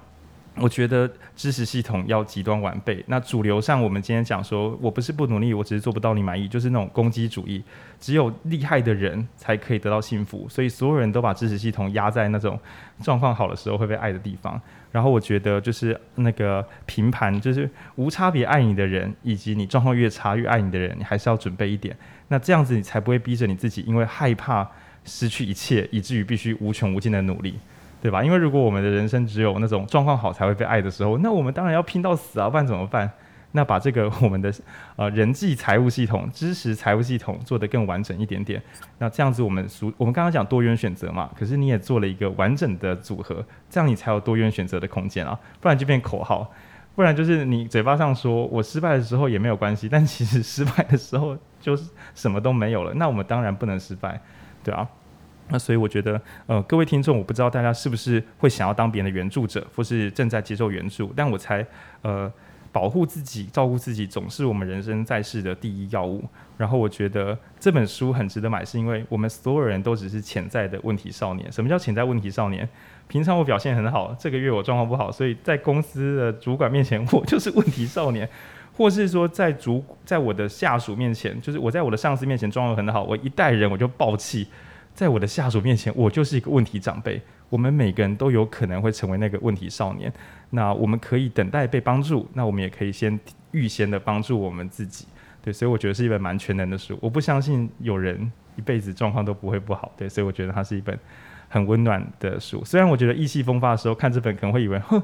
我覺得支持系統要極端完備。那主流上，我們今天講說，我不是不努力，我只是做不到你滿意，就是那種功績主義。只有厲害的人才可以得到幸福，所以所有人都把支持系統壓在那種狀況好的時候會被愛的地方。然後我覺得就是那個評判，就是無差別愛你的人，以及你狀況越差越愛你的人，你還是要準備一點。那這樣子你才不會逼着你自己，因為害怕失去一切，以至於必須無窮無盡的努力。對吧？因為如果我們的人生只有那種狀況好才會被愛的時候，那我們當然要拼到死啊！不然怎麼辦？那把這個我們的呃人際財務系統、知識財務系統做得更完整一點點。那這樣子我們俗，我們剛剛講多元選擇嘛。可是你也做了一個完整的組合，這樣你才有多元選擇的空間啊！不然就變口號，不然就是你嘴巴上說我失敗的時候也沒有關係，但其實失敗的時候就是什麼都沒有了。那我們當然不能失敗，對啊。那所以我覺得，呃，各位聽眾，我不知道大家是不是會想要當別人的援助者，或是正在接受援助，但我才，呃，保護自己、照顧自己，總是我們人生在世的第一要務。然後我覺得這本書很值得買，是因為我們所有人都只是潛在的問題少年。什麼叫潛在問題少年？平常我表現很好，這個月我狀況不好，所以在公司的主管面前，我就是問題少年；或是說，在主，在我的下屬面前，就是我在我的上司面前裝得很好，我一帶人我就爆氣。在我的下屬面前，我就是一個問題長輩。我們每個人都有可能會成為那個問題少年。那我們可以等待被幫助，那我們也可以先預先的幫助我們自己。對，所以我覺得是一本蠻全能的書。我不相信有人一輩子狀況都不會不好。對，所以我覺得它是一本很溫暖的書。雖然我覺得意氣風發的時候看這本可能會以為，哼，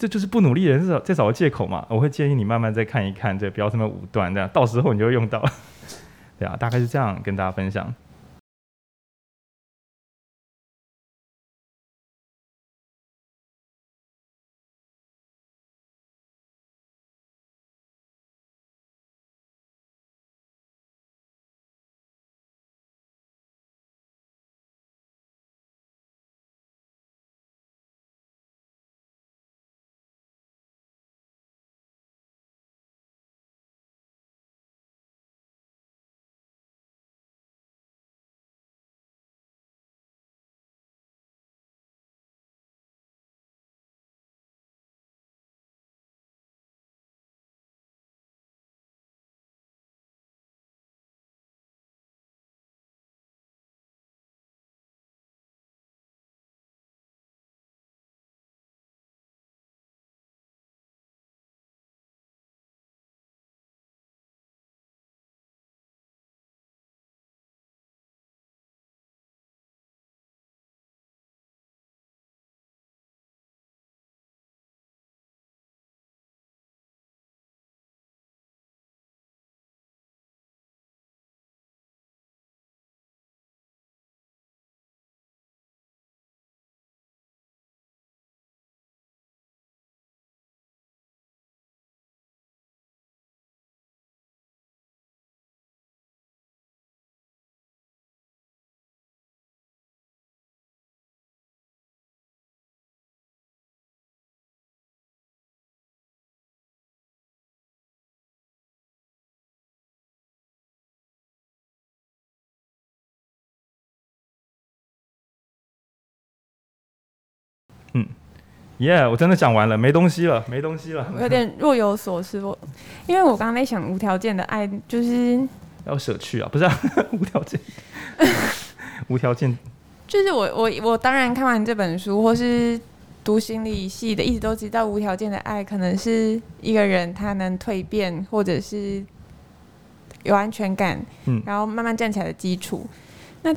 這就是不努力的人在在找個借口嘛。我會建議你慢慢再看一看，對，不要這麼武斷。這樣，啊，到時候你就會用到。對啊，大概是這樣跟大家分享。嗯、yeah, y 我真的講完了，沒東西了，沒東西了。我有點若有所思，我因為我剛剛在想無條件的愛就是要捨去啊，不是，啊、無條件， 無條件就是我我我當然看完這本書或是讀心理系的，一直都知道無條件的愛可能是一個人他能蛻變或者是有安全感，嗯，然後慢慢站起來的基礎。那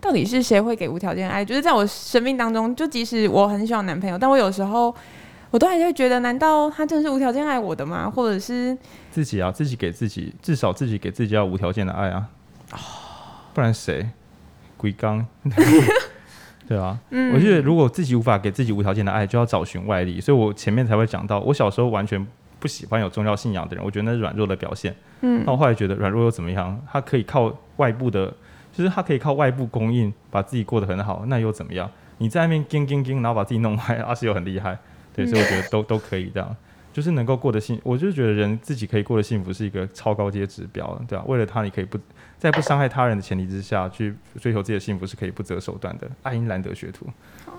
到底是誰會給無條件愛？就是在我生命當中，就即使我很喜歡男朋友，但我有時候我都還會覺得，難道他真的是無條件愛我的嗎？或者是自己啊，自己給自己，至少自己給自己要無條件的愛啊，哦、不然誰鬼剛？ 對啊，嗯，我覺得如果自己無法給自己無條件的愛，就要找尋外力。所以我前面才會講到，我小時候完全不喜歡有宗教信仰的人，我覺得那是軟弱的表現。嗯，那我後來覺得軟弱又怎麼樣？他可以靠外部的。就是他可以靠外部供應把自己過得很好，那又怎麼樣？你在外面叮叮叮，然後把自己弄壞，阿、啊、西又很厲害，對，所以我覺得都都可以這樣，就是能夠過得幸，我就覺得人自己可以過得幸福是一個超高階指標，對吧、啊，為了他，你可以不在不傷害他人的前提之下去追求自己的幸福是可以不擇手段的。愛因蘭德學徒，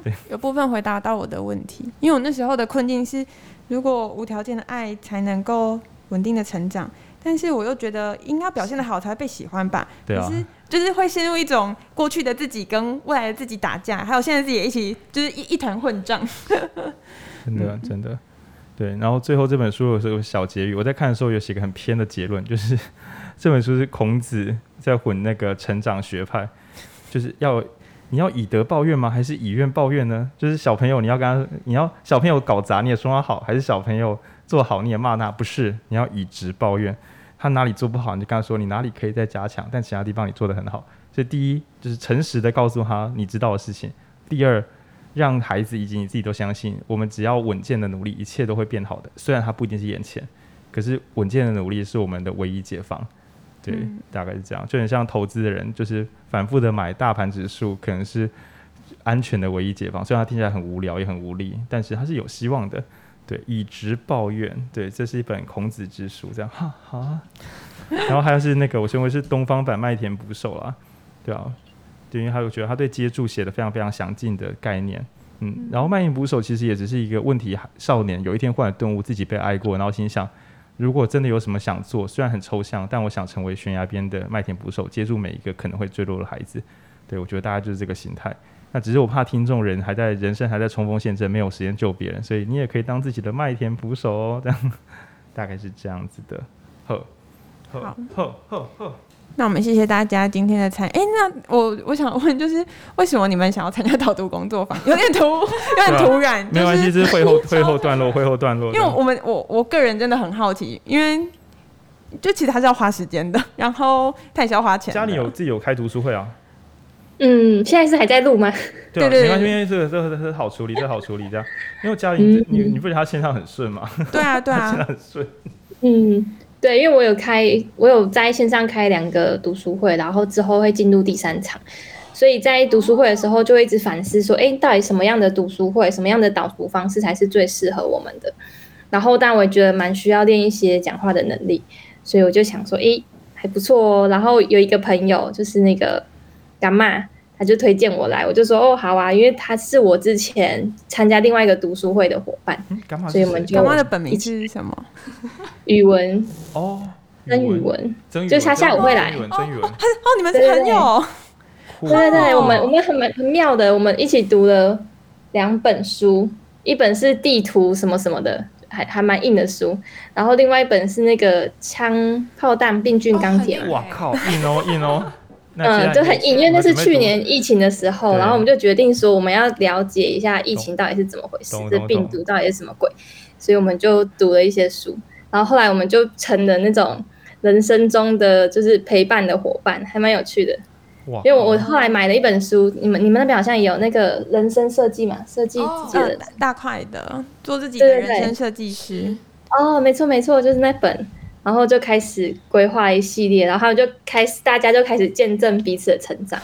對，有部分回答到我的問題，因為我那時候的困境是，如果無條件的愛才能夠穩定的成長。但是我又覺得應該表現得好才被喜歡吧。對、啊，可是就是會陷入一種過去的自己跟未來的自己打架，還有現在自己也一起，就是一一團混賬。 真的真的，對。然後最後這本書有時候，小結語，我在看的時候有寫個很偏的結論，就是這本書是孔子在混那個成長學派，就是要你要以德報怨嗎？還是以怨報怨呢？就是小朋友你要跟他，你要小朋友搞砸你也說他好，還是小朋友？做好你也罵他不是，你要以直報怨，他哪裡做不好，你就跟他說你哪裡可以再加強，但其他地方你做的很好。所以第一就是誠實的告訴他你知道的事情。第二，讓孩子以及你自己都相信，我們只要穩健的努力，一切都會變好的。雖然他不一定是眼前，可是穩健的努力是我們的唯一解方。對，嗯、大概是這樣。就很像投資的人，就是反覆的買大盤指數，可能是安全的唯一解方。雖然他聽起來很無聊也很無力，但是他是有希望的。對，以直報怨，對，這是一本孔子之書，這樣，好啊。哈 然後還有是那個，我認為是東方版麥田捕手啊，對啊，等於還有覺得他對接住寫的非常非常詳盡的概念，嗯。然後麥田捕手其實也只是一個問題少年，有一天忽然頓悟，自己被愛過，然後心想，如果真的有什麼想做，雖然很抽象，但我想成為懸崖邊的麥田捕手，接住每一個可能會墜落的孩子。對，我覺得大家就是這個心態。那只是我怕聽眾人還在人生還在衝鋒陷陣，沒有時間救別人，所以你也可以當自己的麥田捕手哦，這樣大概是這樣子的。呵，好，呵，呵，呵，那我們謝謝大家今天的參哎、欸，那我我想問，就是為什麼你們想要參加導讀工作坊？有點突、 啊，有點突然，啊就是、沒關係，就是會後 會後段落，會後段落。因為我們我我個人真的很好奇，因為就其實還是要花時間的，然後他也是要花錢。家裡有自己有開讀書會啊。嗯，現在是還在錄嗎？對、啊、對，對，沒關係，因為這個這個是、這個、好處理，是、這個、好處理這樣。因為佳霖你、嗯、你，你不覺得線上很順嗎？對啊，對啊， 線上很順。嗯，對，因為我有開，我有在線上開兩個讀書會，然後之後會進入第三場，所以在讀書會的時候就一直反思說，哎、欸，到底什麼樣的讀書會，什麼樣的導讀方式才是最適合我們的？然後，但我也覺得蠻需要練一些講話的能力，所以我就想說，哎、欸，還不錯哦。然後有一個朋友就是那個幹嘛？他就推薦我來，我就說哦好啊，因為他是我之前參加另外一個讀書會的夥伴，嗯、所以我們就我們。港蛙的本名是什麼？怡雯哦，曾怡雯，雯就他下午會來。哦、曾怡雯對對，哦，你們是朋友。對對對,對、哦，我們我們很很妙的，我們一起讀了兩本書，一本是地圖什麼什麼的，還還蠻硬的書，然後另外一本是那個槍炮彈病菌鋼鐵。哦、哇靠，硬哦硬哦。硬哦 嗯，就很因為那是去年疫情的時候，然後我們就決定說我們要了解一下疫情到底是怎麼回事，這個、病毒到底是什麼鬼，所以我們就讀了一些書，然後後來我們就成了那種人生中的就是陪伴的夥伴，還蠻有趣的。哇！因為我我後來買了一本書，你們你們那邊好像也有那個人生設計嘛，設計自己的、哦、大塊的，做自己的人生設計師，對對對、嗯。哦，沒錯沒錯，就是那本。然後就開始規劃一系列，然後他們就開始大家就開始見證彼此的成長，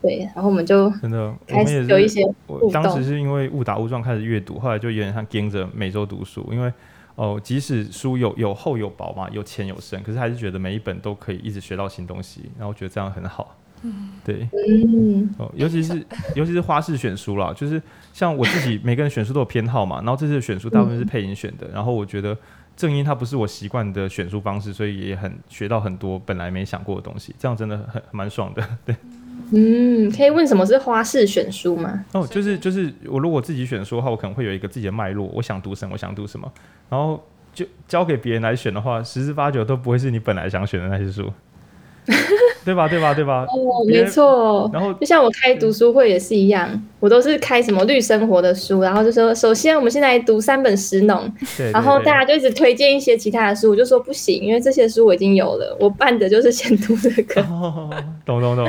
對，然後我們就真的開始有一些我。我當時是因為誤打誤撞開始閱讀，後來就有點像盯着每周讀書，因為哦，即使書有有厚有薄嘛，有淺有深，可是還是覺得每一本都可以一直學到新東西，然後我覺得這樣很好，嗯，對，哦，尤其是尤其是花式選書啦，就是像我自己每個人選書都有偏好嘛， 然後這次選書大部分是配音選的，嗯，然後我覺得。正因它不是我習慣的選書方式，所以也很學到很多本來沒想過的東西，這樣真的很蠻爽的。對，嗯，可以問什麼是花式選書嗎？哦，就是就是我如果自己選書的話，我可能會有一個自己的脈絡，我想讀什麼，我想讀什麼，然後就交給別人來選的話，十之八九都不會是你本來想選的那些書。 對吧？對吧？對吧？哦，沒錯。然後就像我開讀書會也是一樣，我都是開什麼綠生活的書，然後就說，首先我們現在讀三本石農，然後大家就一直推薦一些其他的書，我就說不行，因為這些書我已經有了。我辦的就是先讀這個，懂懂懂，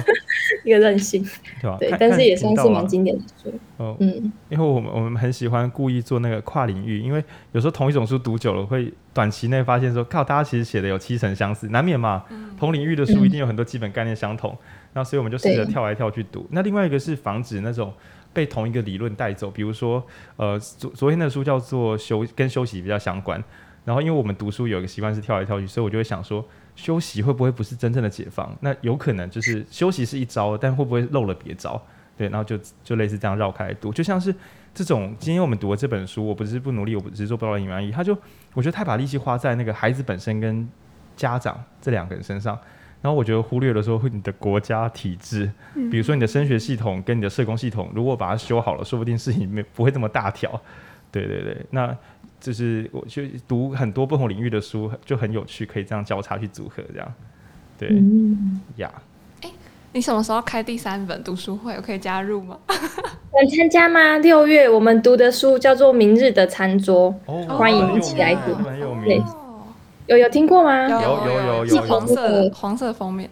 一個任性，對吧？對，但是也算是蠻經典的書。哦，嗯，因為我們我們很喜歡故意做那個跨領域，因為有時候同一種書讀久了，會短期內發現說，靠，大家其實寫的有七成相似，難免嘛。同領域的書一定有很多基本，概念相同，那所以我們就試着跳來跳去讀。那另外一個是防止那種被同一個理論帶走，比如說，呃，昨昨天的書叫做休，跟休息比較相關。然後，因為我們讀書有一個習慣是跳來跳去，所以我就會想說，休息會不會不是真正的解放？那有可能就是休息是一招，但會不會漏了別招？對，然後就就類似這樣繞開來讀，就像是這種。今天我們讀的這本書，我不是不努力，我不是做不到你滿意。他就我覺得他把力氣花在那個孩子本身跟家長，這兩個人身上。然後我覺得忽略了說，你的國家體制，嗯，比如說你的升學系統跟你的社工系統，如果把它修好了，說不定事情沒不會這麼大條。對對對，那就是我就讀很多不同領域的書就很有趣，可以這樣交叉去組合這樣。對呀。哎、嗯 yeah，你什麼時候開第三本讀書會？我可以加入嗎？ 能參加嗎？六月我們讀的書叫做《明日的餐桌》哦，歡迎一起來讀。哦有有聽過嗎？有有有有，有，有，有的黃色黃色封面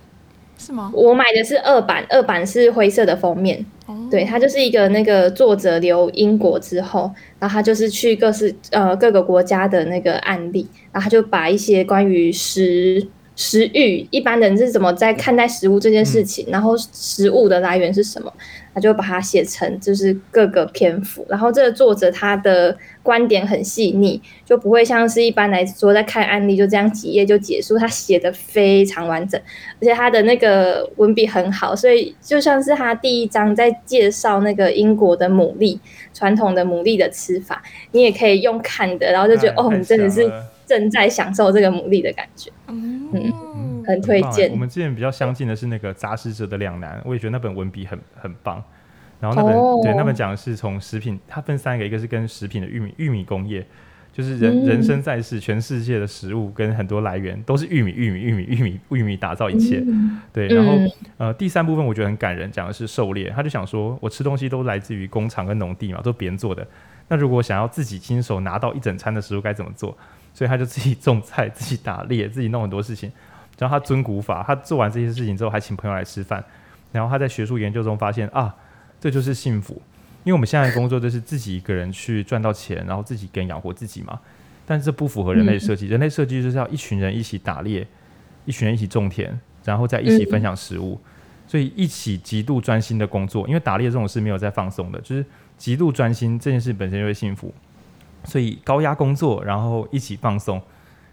是嗎？我買的是二版，二版是灰色的封面，嗯。對，它就是一個那個作者留英國之後，然後他就是去各式呃各個國家的那個案例，然後他就把一些關於食食欲一般人是怎麼在看待食物這件事情，嗯，然後食物的來源是什麼。他就把它寫成就是各個篇幅，然後這個作者他的觀點很細膩，就不會像是一般來說在看案例就這樣幾頁就結束，他寫得非常完整，而且他的那個文筆很好，所以就像是他第一章在介紹那個英國的牡蠣，傳統的牡蠣的吃法，你也可以用看的，然後就覺得、啊、哦，你真的是正在享受這個牡蠣的感覺，啊、嗯。嗯很推薦。我們之前比較相近的是那個《雜食者的兩難》，我也覺得那本文筆很很棒。然後那本、oh. 對那本講的是從食品，它分三個，一個是跟食品的玉米玉米工業，就是人、mm. 人生在世，全世界的食物跟很多來源都是玉米玉米玉米玉米玉米打造一切。Mm. 對，然後、mm. 呃第三部分我覺得很感人，講的是狩獵。他就想說我吃東西都來自於工廠跟農地嘛，都是別人做的。那如果想要自己親手拿到一整餐的食物該怎麼做？所以他就自己種菜，自己打獵，自己弄很多事情。然後他遵古法，他做完這些事情之後還請朋友來吃飯。然後他在學術研究中發現啊，這就是幸福。因為我們現在的工作就是自己一個人去賺到錢，然後自己給養活自己嘛。但是這不符合人類設計。人類設計就是要一群人一起打獵，一群人一起種田，然後再一起分享食物。所以一起極度專心的工作，因為打獵這種事沒有在放鬆的，就是極度專心這件事本身就是幸福。所以高壓工作，然後一起放鬆。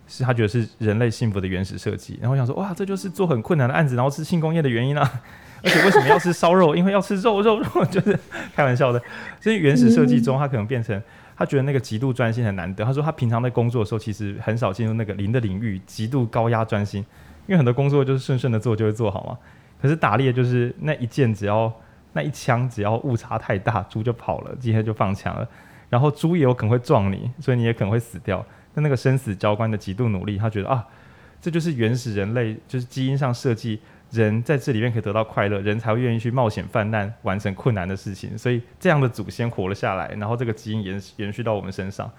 是他覺得是人類幸福的原始設計，然後我想說，哇，這就是做很困難的案子，然後吃慶功宴的原因啦、啊。而且為什麼要吃燒肉？ 因為要吃肉肉肉，就是開玩笑的。所以原始設計中，他可能變成他覺得那個極度專心很難得。他說他平常在工作的時候，其實很少進入那個零的領域，極度高壓專心。因為很多工作就是順順的做就會做好嘛。可是打獵就是那一箭，只要那一槍只要誤差太大，豬就跑了，今天就放槍了。然後豬也有可能會撞你，所以你也可能會死掉。那那個生死交關的極度努力，他覺得啊，這就是原始人類，就是基因上設計人在這裡面可以得到快樂，人才會願意去冒險犯難，完成困難的事情。所以這樣的祖先活了下來，然後這個基因延延續到我們身上。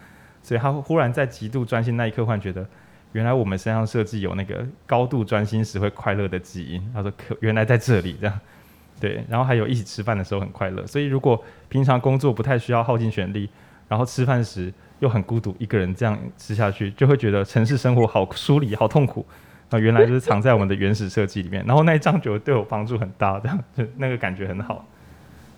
所以他忽然在極度專心那一刻，幻覺得原來我們身上設計有那個高度專心時會快樂的基因。他說，可原來在這裡這樣，對。然後還有一起吃飯的時候很快樂。所以如果平常工作不太需要耗盡全力，然後吃飯時。就很孤獨，一個人這樣吃下去，就會覺得城市生活好疏離、好痛苦。那原來就是藏在我們的原始設計裡面。 然後那一章覺得對我幫助很大，這樣子那個感覺很好。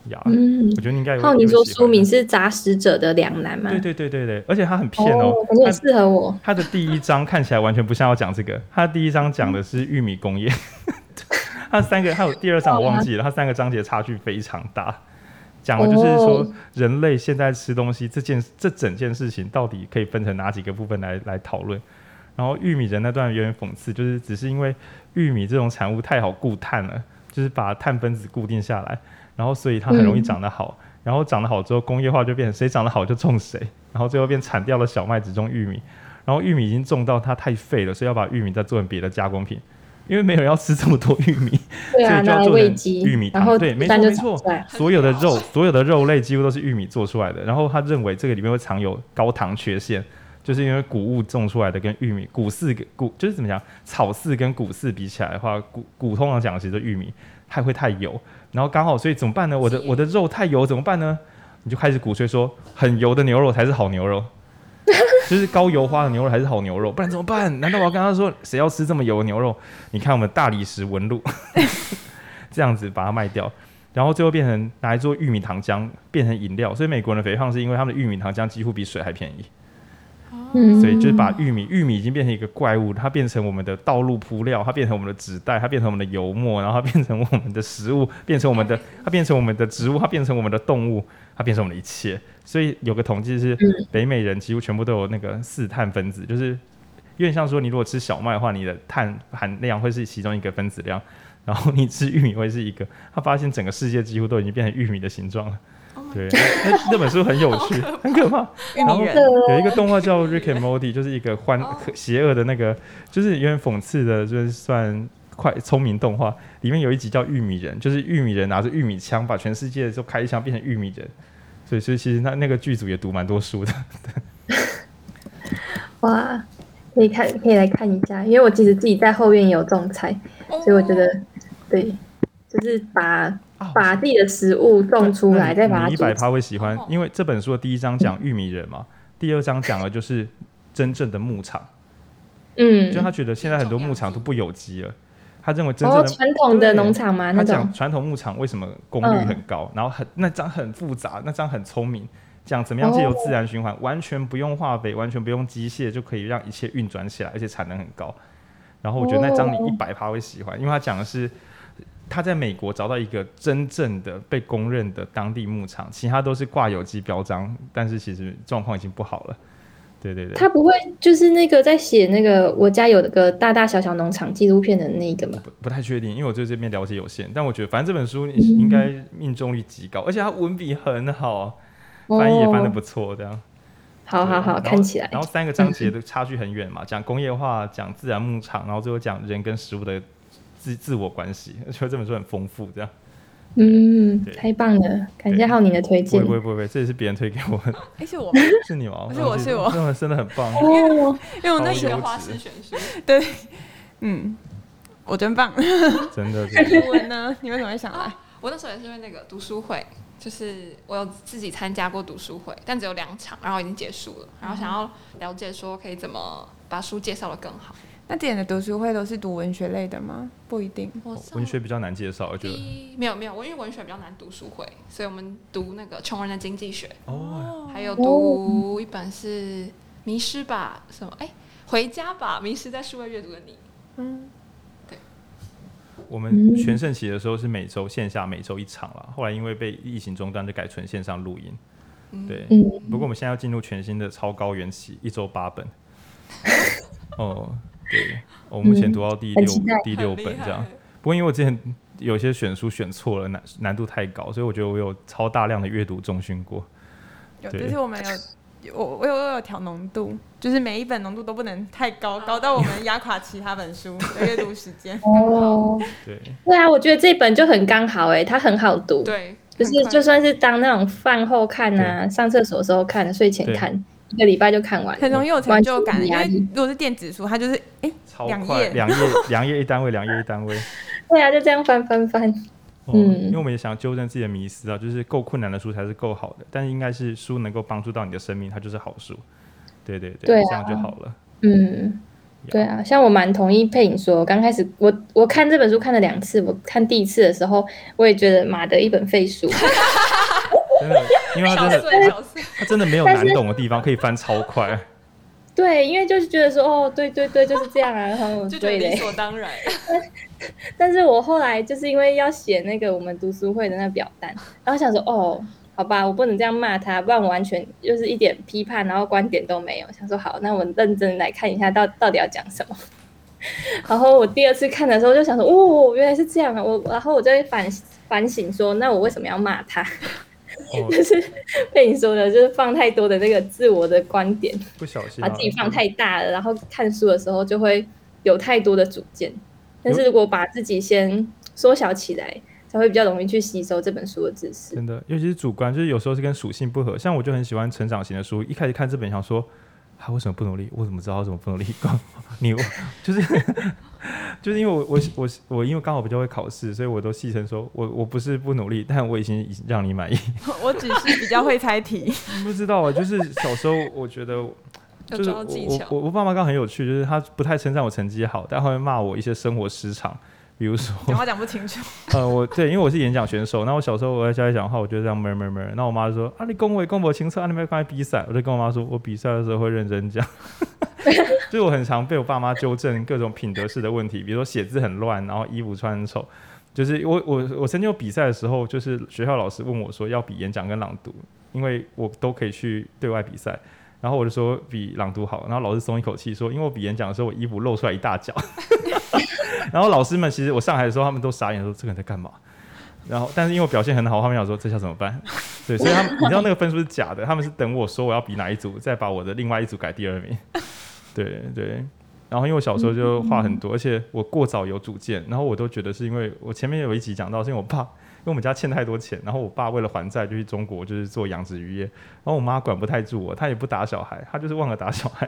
呀、yeah,，嗯，我覺得應該有。還有你說書名是《雜食者的兩難》嗎？對對對對對，而且它很偏哦、喔，很、oh, 適合我。它的第一章看起來完全不像要講這個，它第一章講的是玉米工業。它 三個，還有第二章我忘記了，它、啊、三個章節差距非常大。講的就是說，人類現在吃東西、oh. 這件這整件事情，到底可以分成哪幾個部分來來討論？然後玉米人那段有點諷刺，就是只是因為玉米這種產物太好固碳了，就是把碳分子固定下來，然後所以它很容易長得好。嗯、然後長得好之後，工業化就變成誰長得好就種誰，然後最後變鏟掉了小麥，只種玉米。然後玉米已經種到它太廢了，所以要把玉米再做成別的加工品。因為沒有人要吃這麼多玉米，對啊、 所以叫做玉米糖。啊，對，沒錯，沒錯。所有的肉，所有的肉類幾乎都是玉米做出來的。然後他認為這個裡面會藏有高糖缺陷，就是因為穀物種出來的跟玉米、穀飼、穀就是怎麼講，草飼跟穀飼比起來的話，穀穀通常講其實是玉米太會太油。然後剛好，所以怎麼辦呢？我的我的肉太油怎麼辦呢？你就開始鼓吹說很油的牛肉才是好牛肉。 就是高油花的牛肉還是好牛肉？不然怎麼辦？難道我要跟他說，誰要吃這麼油的牛肉？你看我們大理石紋路， 這樣子把它賣掉，然後最後變成拿來做玉米糖漿，變成飲料。所以美國人的肥胖是因為他們的玉米糖漿幾乎比水還便宜。嗯，所以就是把玉米，玉米已經變成一個怪物，它變成我們的道路鋪料，它變成我們的紙袋，它變成我們的油墨，然後它變成我們的食物，變成我們的，它變成我們的植物，它變成我們的動物，它變成我們的一切。所以有個統計是，北美人幾乎全部都有那個四碳分子，嗯、就是有點像說你如果吃小麥的話，你的碳含量會是其中一個分子量，然後你吃玉米會是一個。他發現整個世界幾乎都已經變成玉米的形狀了。哦、對，那、哦、那本書很有趣，可很可怕。然後有一個動畫叫 Rick and Morty，《Rick and Morty 就是一個歡邪惡的那個，就是有點諷刺的，就是算快聰明動畫。裡面有一集叫《玉米人》，就是玉米人拿着玉米槍把全世界都開一槍，變成玉米人。所以，所以其實那那個劇組也讀蠻多書的對。哇，可以看，可以來看一下，因為我其實自己在後院也有種菜、哦，所以我覺得，對，就是把、哦、把自己的食物種出來，再把一百趴會喜歡、哦，因為這本書的第一章講玉米人嘛，嗯、第二章講的就是真正的牧場，嗯，就他覺得現在很多牧場都不有機了。他認為真正的、哦、傳統的農場嘛、嗯、他講傳統牧場為什麼功率很高，嗯、然後很那張很複雜，那張很聰明，講怎麼樣借由自然循環、哦，完全不用化肥，完全不用機械就可以讓一切運轉起來，而且產能很高。然後我覺得那張你一百趴會喜歡，哦、因為他講的是他在美國找到一個真正的被公認的當地牧場，其他都是掛有機標章，但是其實狀況已經不好了。對對對，他不會就是那個在寫那個我家有個大大小小農場紀錄片的那個嗎？不，不太確定，因為我對這邊了解有限。但我覺得反正這本書應該命中率極高，嗯，而且他文筆很好，翻，哦、譯也翻得不錯。這樣，好好好，看起來。然後三個章節的差距很遠嘛，講、嗯、工業化，講自然牧場，然後最後講人跟食物的自自我關係。而且這本書很豐富，這樣。嗯，太棒了，感謝浩寧的推薦。不會不會，這也是別人推給我的。哎、欸，是我嗎？是你嗎？不是我是我，真的真的很棒。哦、因為我因為我那一個花式選手，對，嗯，我真棒。真的。英文呢？ 你們怎麼會想來、啊？我那時候也是因為那個讀書會，就是我有自己參加過讀書會，但只有兩場，然後已經結束了，然後想要了解說可以怎麼把書介紹得更好。那之前的讀書會都是讀文學類的嗎？不一定，哦、文學比較難介紹，而且沒有沒有，我因為文學比較難讀書會，所以我們讀那個《窮人的經濟學》，哦，還有讀一本是《迷失吧》，什麼？哎、欸，回家吧，迷失在數位閱讀的你。嗯，對。我們全盛期的時候是每周線下每周一場了，後來因為被疫情中斷，就改成線上錄音。對、嗯，不過我們現在要進入全新的超高原期，一周八本。 哦。我目前讀到第六、嗯、第六本這樣，不過因為我之前有些選書選錯了，難難度太高，所以我覺得我有超大量的閱讀重訓過有。就是我們有我我有我有調濃度，就是每一本濃度都不能太高，高到我們壓垮其他本書的閱 對 讀時間。哦、oh，對，對啊，我覺得這本就很剛好哎、欸，它很好讀，對，就是就算是當那種飯後看吶、啊，上廁所的時候看，睡前看。一個禮拜就看完了，很容易有成就感。因為如果是電子書，它就是誒、欸，超快，兩頁，兩 頁一單位，兩頁一單位。 對啊，就這樣翻翻翻。哦、嗯，因為我們也想糾正自己的迷思啊，就是夠困難的書才是夠好的，但是應該是書能夠幫助到你的生命，它就是好書。對對對，對啊、這樣就好了。嗯，yeah、對啊，像我蠻同意佩影說，剛開始我我看這本書看了兩次，我看第一次的時候，我也覺得媽的一本廢書。 因為他真的，他真的沒有難懂的地方，可以翻超快。 對，因為就是覺得說，哦，對對對，就是這樣啊，然後 就對理所當然。 但是，我後來就是因為要寫那個我們讀書會的那表單，然後想說，哦，好吧，我不能這樣罵他，不然我完全就是一點批判，然後觀點都沒有。想說，好，那我們認真來看一下到，到到底要講什麼。然後我第二次看的時候，就想說，哦，原來是這樣啊，我然後我就反反省說，那我為什麼要罵他？哦、就是被你說的，就是放太多的那個自我的觀點，不小心、啊、把自己放太大了，然後看書的時候就會有太多的主見。但是如果把自己先縮小起來，才會比較容易去吸收這本書的知識。真的，尤其是主觀，就是有時候是跟屬性不合。像我就很喜歡成長型的書，一開始看這本想說，他、啊、為什麼不努力？我怎麼知道怎麼不努力？啊、你我就是。 就是因為我我我我因為剛好比較會考試，所以我都戲稱說我，我我不是不努力，但我已經讓你滿意。 我只是比較會猜題 我。 不知道啊，就是小時候我覺得我， 就是我技巧我我爸媽剛很有趣，就是他不太稱讚我成績好，但後面罵我一些生活失常。比如說，講話講不清楚。呃，我對，因為我是演講選手。那我小時候我在家裡講話，我就這樣沒沒沒。那我媽就說啊，你公為公，維清澈啊，你沒參加比賽。我就跟我媽說，我比賽的時候會認真講。 就是我很常被我爸媽糾正各種品德式的問題，比如說寫字很亂，然後衣服穿很醜。就是我我我曾經有比賽的時候，就是學校老師問我說要比演講跟朗讀，因為我都可以去對外比賽。然後我就說比朗讀好。然後老師鬆一口氣說，因為我比演講的時候，我衣服露出來一大腳。 然後老師們其實我上台的時候，他們都傻眼說，這個人在幹嘛？然後但是因為我表現很好，他們想說這下怎麼辦？對，所以他們你知道那個分數是假的，他們是等我說我要比哪一組，再把我的另外一組改第二名。對對，然後因為我小時候就話很多，而且我過早有主見，然後我都覺得是因為我前面有一集講到是因為我爸因為我們家欠太多錢，然後我爸為了還債就去中國就是做養殖漁業，然後我媽管不太住我，她也不打小孩，她就是忘了打小孩。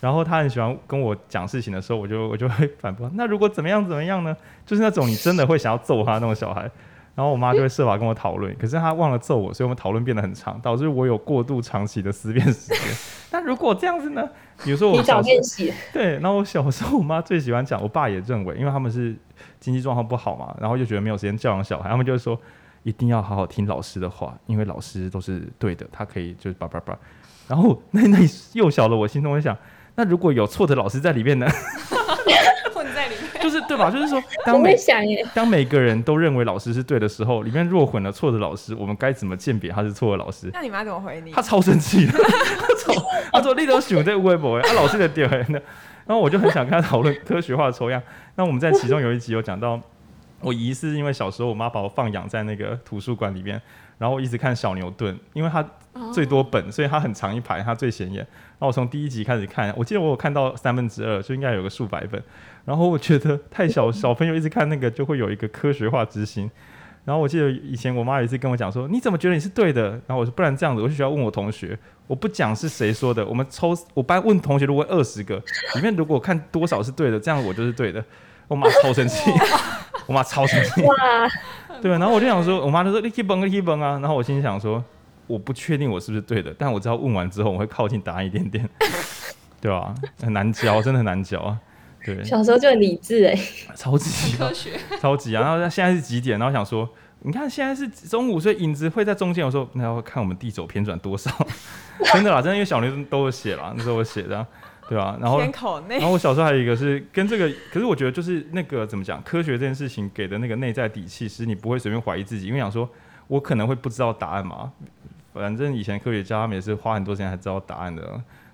然後他很喜歡跟我講事情的時候，我就我就會反駁。那如果怎麼樣怎麼樣呢？就是那種你真的會想要揍他那種小孩。然後我媽就會設法跟我討論，嗯、可是她忘了揍我，所以我們討論變得很長，導致我有過度長期的思辨時間。那 如果這樣子呢？比如說我小時候，對，那我小時候我媽最喜歡講，我爸也認為，因為他們是經濟狀況不好嘛，然後又覺得沒有時間教養小孩，他們就會說一定要好好聽老師的話，因為老師都是對的，他可以就是叭叭叭。然後那那幼小的我心中會想。那如果有錯的老師在裡面呢？ 混在裡面就是對吧？就是說，當每當每個人都認為老師是對的時候，裡面若混了錯的老師，我們該怎麼鑑別他是錯的老師？那你媽怎麼回你？他超生氣的 他，他說：“你說都選在微博，他、 啊、老是在點開那。 ”然後我就很想跟他討論科學化的抽樣。 那我們在其中有一集有講到， 我疑是因為小時候我媽把我放養在那個圖書館裡面，然後我一直看小牛頓，因為他最多本、哦，所以他很長一排，他最顯眼。那我從第一集開始看，我記得我有看到三分之二，就應該有個數百本。然後我覺得太小，小朋友一直看那個就會有一個科學化之心。然後我記得以前我媽有一次跟我講說：“你怎麼覺得你是對的？”然後我說：“不然這樣子，我就需要問我同學，我不講是誰說的。我們抽我班問同學，如果二十個裡面如果看多少是對的，這樣我就是對的。”我媽超生氣， 我媽超生氣。 對，然後我就想說，我媽就說：“你去崩，你去崩啊！”然後我心裡想說。我不確定我是不是對的，但我知道問完之後我會靠近答案一點點， 對吧、啊？很難教，真的很難教啊。對，小時候就很理智誒、欸，超級、啊、科學，超級啊。然後現在是幾點？然後想說， 你看現在是中午，所以影子會在中間。我說那要看我們地軸偏轉多少， 真的啦，真的， 因為小劉都寫啦，那、就、候、是、我寫的，對啊。然後，然後我小時候還有一個是跟這個，可是我覺得就是那個怎麼講，科學這件事情給的那個內在底氣是，你不會隨便懷疑自己，因為想說我可能會不知道答案嘛。反正以前科學家他們也是花很多時間才知道答案的，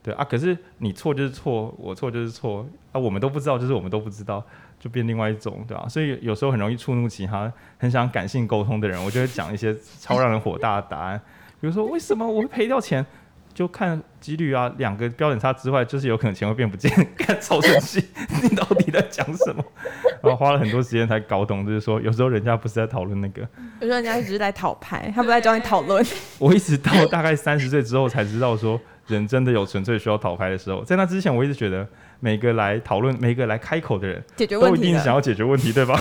對，對啊。可是你錯就是錯，我錯就是錯啊。我們都不知道，就是我們都不知道，就變另外一種，對吧、啊？所以有時候很容易觸怒其他很想感性溝通的人。我就會講一些超讓人火大的答案，比如說為什麼我會賠掉錢？就看幾率啊，兩個標準差之外，就是有可能錢會變不見。看超神奇，你到底在講什麼？然後花了很多時間才搞懂，就是說有時候人家不是在討論那個，有時候人家一直在討拍，他不在找你討論。我一直到大概三十歲之後才知道，說人真的有純粹需要討拍的時候。在那之前，我一直覺得每個來討論、每個來開口的人，解決問題都一定想要解決問題，對吧？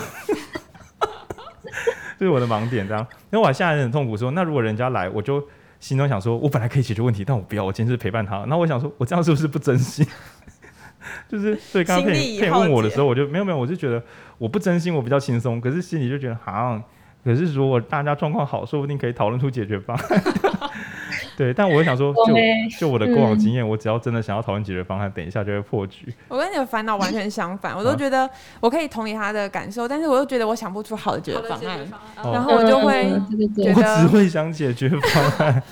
這 是我的盲點，這樣，因為我現在很痛苦說，說那如果人家來，我就。心中想說，我本來可以解決問題，但我不要，我堅持陪伴他。那我想說，我這樣是不是不真心？ 就是，所以剛剛佩佩你問我的時候，我就沒有沒有，我就覺得我不真心，我比較輕鬆。可是心裡就覺得，好、啊。可是如果大家狀況好，說不定可以討論出解決方案。 對，但我想說就，就、嗯、就我的過往經驗，我只要真的想要討論解決方案、嗯、解決方案、嗯，等一下就會破局。我跟你的煩惱完全相反，我都覺得我可以同意他的感受，啊、但是我又覺得我想不出好的解決方案，好的解決方案、好的解決方案哦、然後我就會覺得、嗯嗯嗯嗯、我只會想解決方案。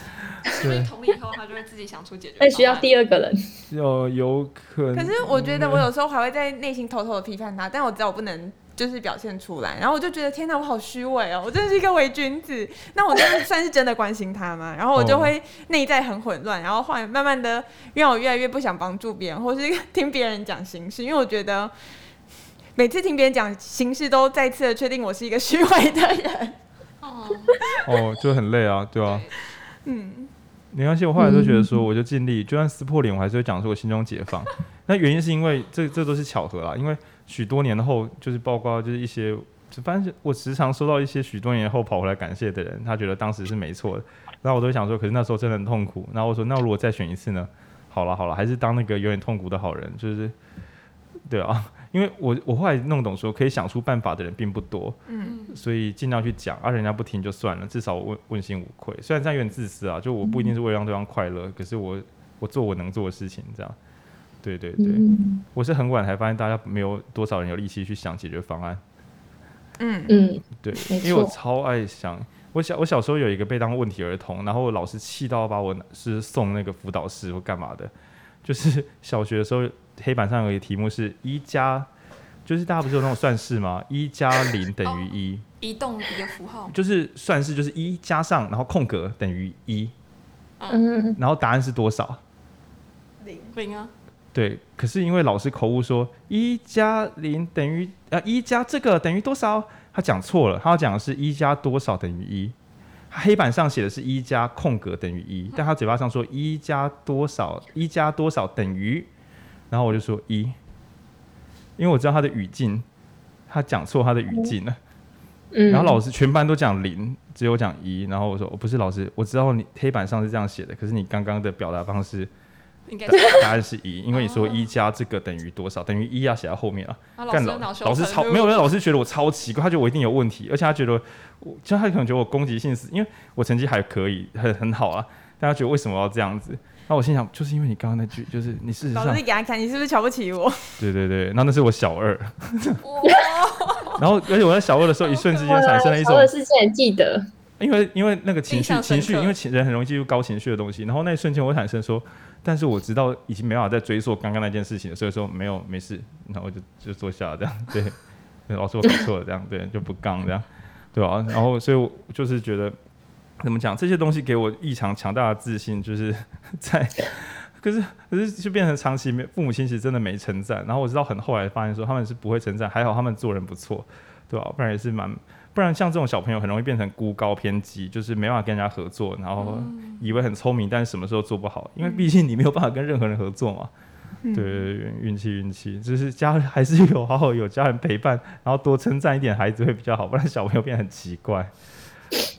就是 同意後他就會自己想出解決方案。那需要第二個人，有有可能。可是我覺得我有時候還會在內心偷偷的批判他，但我知道我不能。就是表現出來，然後我就覺得天吶，我好虛偽哦，我真的是一個偽君子。那我真的算是真的關心他嗎？然後我就會內在很混亂，然後後來慢慢的讓我越來越不想幫助別人，或是聽別人講形式，因為我覺得每次聽別人講形式，都再次的確定我是一個虛偽的人。哦、oh. ，oh, 就很累啊，對啊，對嗯，沒關係，我後來都覺得說，我就盡力，就算撕破臉，我還是會講出我心中解放。 那原因是因為這這都是巧合啊，因為。許多年後，就是包括就是一些，反正我時常收到一些許多年後跑回來感謝的人，他覺得當時是沒錯的。然後我都會想說，可是那時候真的很痛苦。然後我說，那如果再選一次呢？好了好了，還是當那個有點痛苦的好人，就是對啊，因為我我後來弄懂說，可以想出辦法的人並不多，嗯，所以儘量去講，而、啊、人家不聽就算了，至少我問問心無愧。雖然這樣有點自私啊，就我不一定是為了讓對方快樂、嗯，可是我我做我能做的事情，這樣。對對對、嗯，我是很晚才發現大家沒有多少人有力氣去想解決方案。嗯嗯，對，因為我超愛想。我小我小時候有一個被當問題兒童，然後老師氣到把我是送那個輔導室或幹嘛的。就是小學的時候，黑板上有一個題目是“一加”，就是大家不是有那種算式嗎？“一加零等於一、哦”，移動一個符號，就是算式就是“一加上然後空格等於一”，嗯，然後答案是多少？零、不行啊。對，可是因為老師口誤說，一加零等於，啊，一加這個等於多少？他講錯了，他要講的是一加多少等於一，黑板上寫的是一加空格等於一，但他嘴巴上說一加多少，一加多少等於，然後我就說一，因為我知道他的語境，他講錯他的語境了。嗯，然後老師全班都講零，只有講一，然後我說我、哦、不是老師，我知道你黑板上是這樣寫的，可是你剛剛的表達方式。 答案是一，因為你說一加這個等於多少？Oh. 等於一要寫在後面啊。幹、啊、老、啊、老，師老，老師超沒有，人老師覺得我超奇怪，他覺得我一定有問題，而且他覺得我，就他可能覺得我攻擊性，是因為我成績還可以，很很好啊。但他覺得為什麼要這樣子？那我心想，就是因為你剛剛那句，就是你是老師你給他看，你是不是瞧不起我？對對對，然後那是我小二、oh.， 然後而且我在小二的時候，oh. 一瞬之間產生了一種，我是先記得，因為因為那個情緒情緒，因為人很容易記住高情緒的東西，然後那一瞬間我產生說。但是我知道已經沒辦法再追溯剛剛那件事情了，所以說沒有，沒事，然後我就就坐下了這樣，對，對老師我搞錯了這樣，對，就不槓這樣，對啊，然後所以我就是覺得怎麼講這些東西給我異常強大的自信，就是在可是可是就變成長期沒父母親其實真的沒稱讚，然後我知道很後來發現說他們是不會稱讚，還好他們做人不錯，對吧、啊？不然也是蠻。不然，像這種小朋友很容易變成孤高偏激，就是沒辦法跟人家合作，然後以為很聰明，但是什麼事都做不好，因為畢竟你沒有辦法跟任何人合作嘛。嗯、對，運氣運氣，就是家還是有好好有家人陪伴，然後多稱讚一點孩子會比較好，不然小朋友變很奇怪，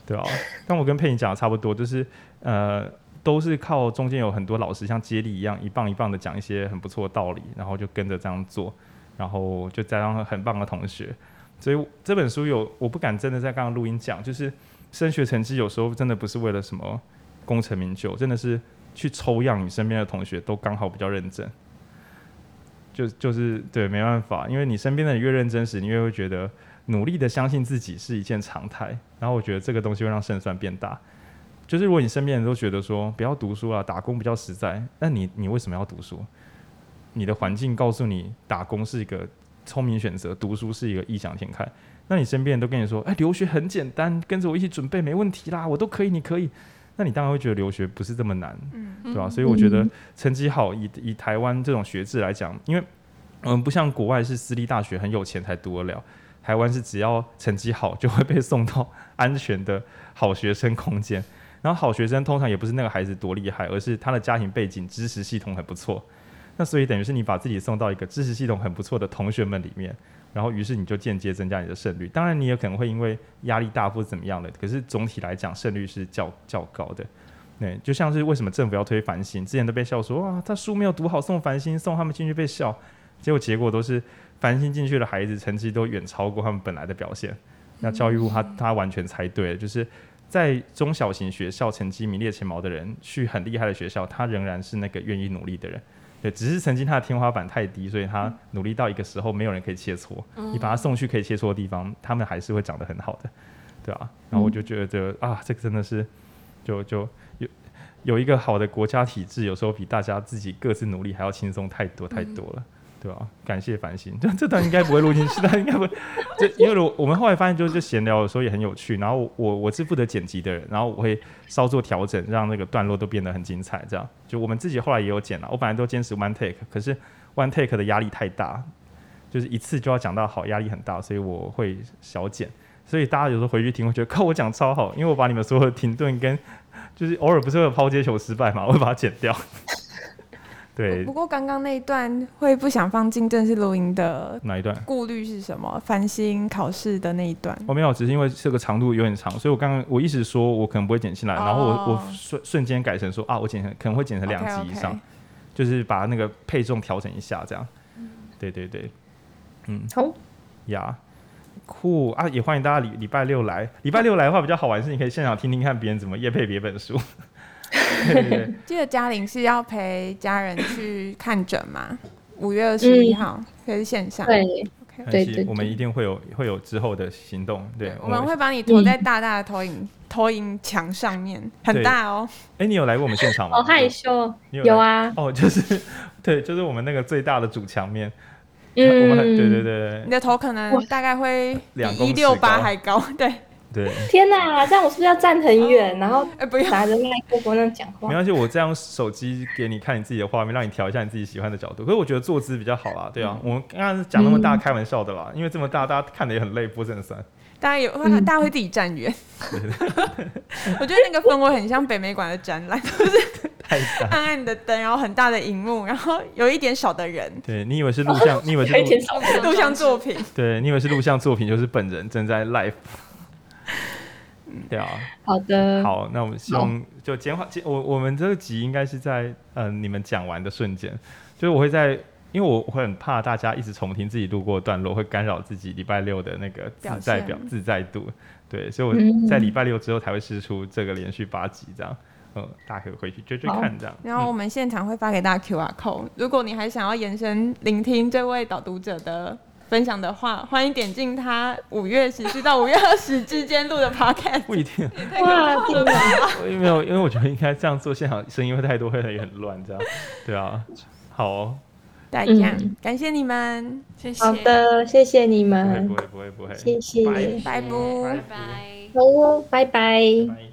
對吧、啊？但我跟佩妮講的差不多，就是呃，都是靠中間有很多老師像接力一樣，一棒一棒的講一些很不錯的道理，然後就跟着這樣做，然後就加上很棒的同學。所以這本書有，我不敢真的在剛剛錄音講，就是升學成績有時候真的不是為了什麼功成名就，真的是去抽樣，你身邊的同學都剛好比較認真，就就是對，沒辦法，因為你身邊的人越認真時，你越會覺得努力的相信自己是一件常態。然後我覺得這個東西會讓勝算變大，就是如果你身邊的人都覺得說不要讀書了啊，打工比較實在，那你你為什麼要讀書？你的環境告訴你打工是一個。聰明選擇讀書是一個異想天開，那你身邊人都跟你說，哎、欸，留學很簡單，跟着我一起準備沒問題啦，我都可以，你可以，那你當然會覺得留學不是這麼難，嗯，對吧、啊？所以我覺得成績好以，以以台灣這種學制來講，因為嗯，不像國外是私立大學很有錢才讀得了，台灣是只要成績好就會被送到安全的好學生空間，然後好學生通常也不是那個孩子多厲害，而是他的家庭背景、知識系統很不錯。那所以等於是你把自己送到一個知識系統很不錯的同學們裡面，然後於是你就間接增加你的勝率。當然你也可能會因為壓力大或怎麼樣的，可是總體來講勝率是較較高的。那就像是為什麼政府要推繁星，之前都被笑說哇，他書沒有讀好送繁星送他們進去被笑，結果結果都是繁星進去的孩子成績都遠超過他們本來的表現。那教育部他他完全猜對了，就是在中小型學校成績名列前茅的人去很厲害的學校，他仍然是那個願意努力的人。對，只是曾經他的天花板太低，所以他努力到一個時候，沒有人可以切磋、嗯。你把他送去可以切磋的地方，他們還是會長得很好的，對啊，然後我就覺得、嗯、啊，這個真的是，就就有有一個好的國家體制，有時候比大家自己各自努力還要輕鬆太多太多了。嗯。對吧、啊？感謝繁星。就這段應該不會錄進去，但 應該不會。就因為我我們後來發現就，就就閒聊的時候也很有趣。然後我我我是負責剪輯的人，然後我會稍作調整，讓那個段落都變得很精彩。這樣就我們自己後來也有剪了。我本來都堅持 one take，可是 one take 的壓力太大，就是一次就要講到好，壓力很大，所以我會小剪。所以大家有時候回去聽我覺得，靠，我講超好，因為我把你們所有的停頓跟就是偶爾不是會有拋接球失敗嘛，我會把它剪掉。 對，不過剛剛那一段會不想放進正式錄音的哪一段？顧慮是什麼？繁星考試的那一段？我、oh, 沒有，只是因為這個長度有點長，所以我剛剛我一直說我可能不會剪進來，oh. 然後我我瞬瞬間改成說啊，我剪成可能會剪成兩集以上，okay, okay. 就是把那個配重調整一下這樣，嗯。對對對，嗯，好呀，酷啊！也歡迎大家禮禮拜六來，禮拜六來的話比較好玩，是你可以現場聽聽看別人怎麼業配別本書。 對對對記得佳霖是要陪家人去看診嘛？五月二十一號，可、嗯、是線上？對,、OK、對,對,對我們一定會有會有之後的行動。對，我們會把你投在大大的投影、嗯、投影牆上面，很大哦。哎、欸，你有來過我們現場嗎？好害羞，有, 有啊。哦，就是對，就是我們那個最大的主牆面。嗯，對對對，你的頭可能大概會比一六八還高。對。對天哪！這樣我是不是要站很遠、啊，然後拿着麥波波那樣講話、欸？沒關係，我這樣手機給你看你自己的畫面，讓你調一下你自己喜歡的角度。可是我覺得坐姿比較好啊。對啊，我們剛剛講那麼大、嗯、開玩笑的啦，因為這麼大大家看得也很累，不是很酸。大家也會，大家會自己站遠。嗯、 對對對 我覺得那個氛圍很像北美館的展覽，不 是太？ 暗暗的燈，然後很大的熒幕，然後有一點小的人。對，你以為是錄像？你以為是錄 像作品？對，你以為是錄像作品，就是本人正在 live 對啊，好的、嗯，好，那我們希望就簡化，哦、我我們這個集應該是在嗯、呃、你們講完的瞬間，所以我會在，因為我會很怕大家一直重聽自己錄過的段落，會干擾自己禮拜六的那個自在表,表自在度，對，所以我在禮拜六之後才會釋出這個連續八集這樣，嗯、呃，大家可以回去追追看這樣、嗯。然後我們現場會發給大家 QR code，如果你還想要延伸聆聽這位導讀者的。分享的話，歡迎點進他五月十四到五月二十之間錄的 Podcast。不一定，哇，不能吧？ 沒有，因為我覺得應該這樣做，現場聲音會太多，會很很亂，這樣，對啊。好、哦、大、嗯、家感謝你們，謝謝。好的，謝謝你們。不會，不會，不會，謝謝，拜拜，拜拜拜。